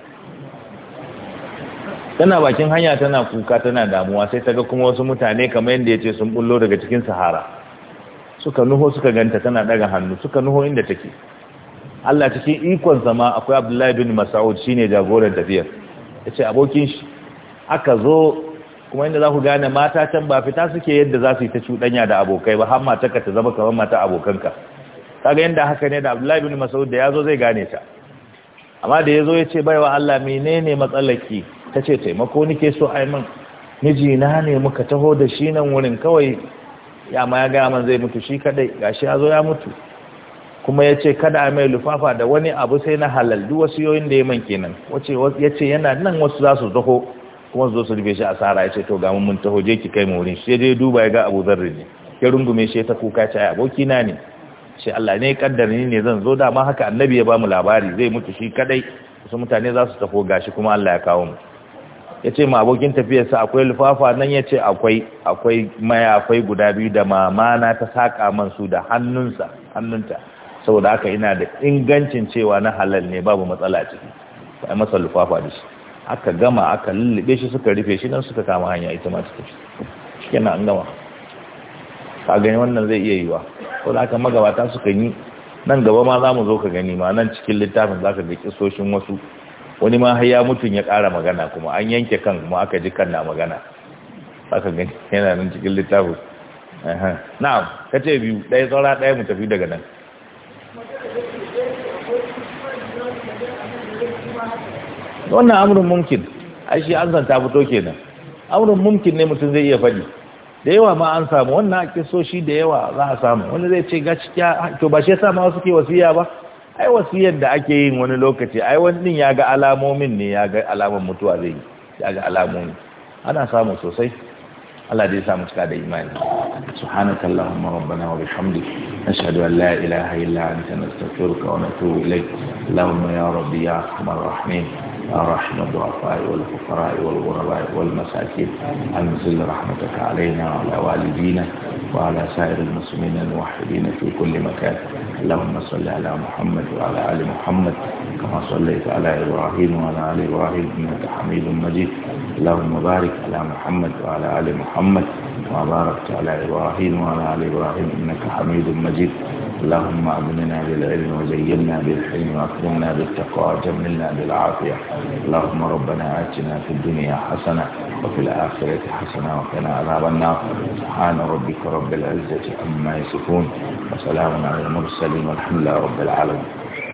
tana bakin hanya tana kuka tana damuwa sai ta ga kuma wasu mutane kamar yadda ya ce sun bullo daga cikin sahara suka nuho suka ganta tana daga hannu suka nuho inda take Allah cikin ikon zama akwai Abdullahi bin Mas'ud shine jagoran tafiyar yace abokin shi aka zo kuma inda za ku gane mata can ba fita suke yadda za su yi ta cuɗanya da abokai ba har mata ka ta zama kamar mata abokanka kaga yanda haka ne da Abdullahi bin Mas'ud da yazo zai gane ta amma da yazo yace baiwa Allah menene matsalaki tace taimako nike so ai min mijina ne muka taho da shi nan wurin kawai ya ma ya ga man zai mutu shi kadai gashi yazo ya mutu kuma ya ce kada a mai lufafa da wani abu sai na halal duk wasu yoyin da ya man kenan wace ya ce yana nan wasu za su zaho kuma zo su rufe shi asara ya ce to ga mun taho je ki kai mu shi dai duba ya ga Abu Zarri ne ya rungume shi ta kuka ce ai aboki na ne shi Allah ne ni ne zan zo da ma haka annabi ya ba mu labari zai mutu shi kadai wasu mutane za su taho gashi kuma Allah ya kawo mu ya ce ma abokin tafiyarsa akwai lufafa nan ya ce akwai akwai mayafai guda biyu da mamana ta saka man su da hannunsa hannunta saboda haka ina da ingancin cewa na halal ne babu matsala a ciki a masa lufafa da shi aka gama aka lullube shi suka rufe shi don suka kama hanya ita ma suka shi Yana an gama ka gani wannan zai iya yiwa da haka magabata suka yi nan gaba ma za mu zo ka gani ma nan cikin littafin za ka ga kisoshin wasu wani ma mutum ya kara ya ƙara magana kuma an yanke kan kuma aka ji kan na magana za ka gani yana nan cikin littafin na'am kace biyu ɗaya tsara ɗaya mu tafi daga nan wannan amurin mumkin ai shi an zanta fito kenan amurin mumkin ne mutum zai iya faɗi da yawa ma an samu wannan shi da yawa za a samu wani zai ce gaskiya to ba shi ya yasa ma suke wasiya ba ai wasiyar da ake yin wani lokaci ai wani din ya ga alamomin ne ya ga alaman mutuwa zai yi ya ga alamomi ana samu sosai Allah dai samu cika da imani subhanaka allahumma rabbana wa bihamdik nashhadu an la ilaha illa anta nastaghfiruka wa natubu ilayk allahumma ya rabbi ya arhamar rahimin رحم الضعفاء والفقراء والغرباء والمساكين أنزل رحمتك علينا وعلى والدينا وعلى سائر المسلمين الموحدين في كل مكان اللهم صل على محمد وعلى آل محمد كما صليت على إبراهيم وعلى آل إبراهيم إنك حميد مجيد اللهم بارك على محمد وعلى آل محمد وباركت على إبراهيم وعلى آل إبراهيم إنك حميد مجيد اللهم أبننا بالعلم وزينا بالحلم وأكرمنا بالتقوى وجملنا بالعافية اللهم ربنا آتنا في الدنيا حسنة وفي الآخرة حسنة وقنا عذاب النار سبحان ربك رب العزة عما يصفون وسلام على المرسلين والحمد لله رب العالمين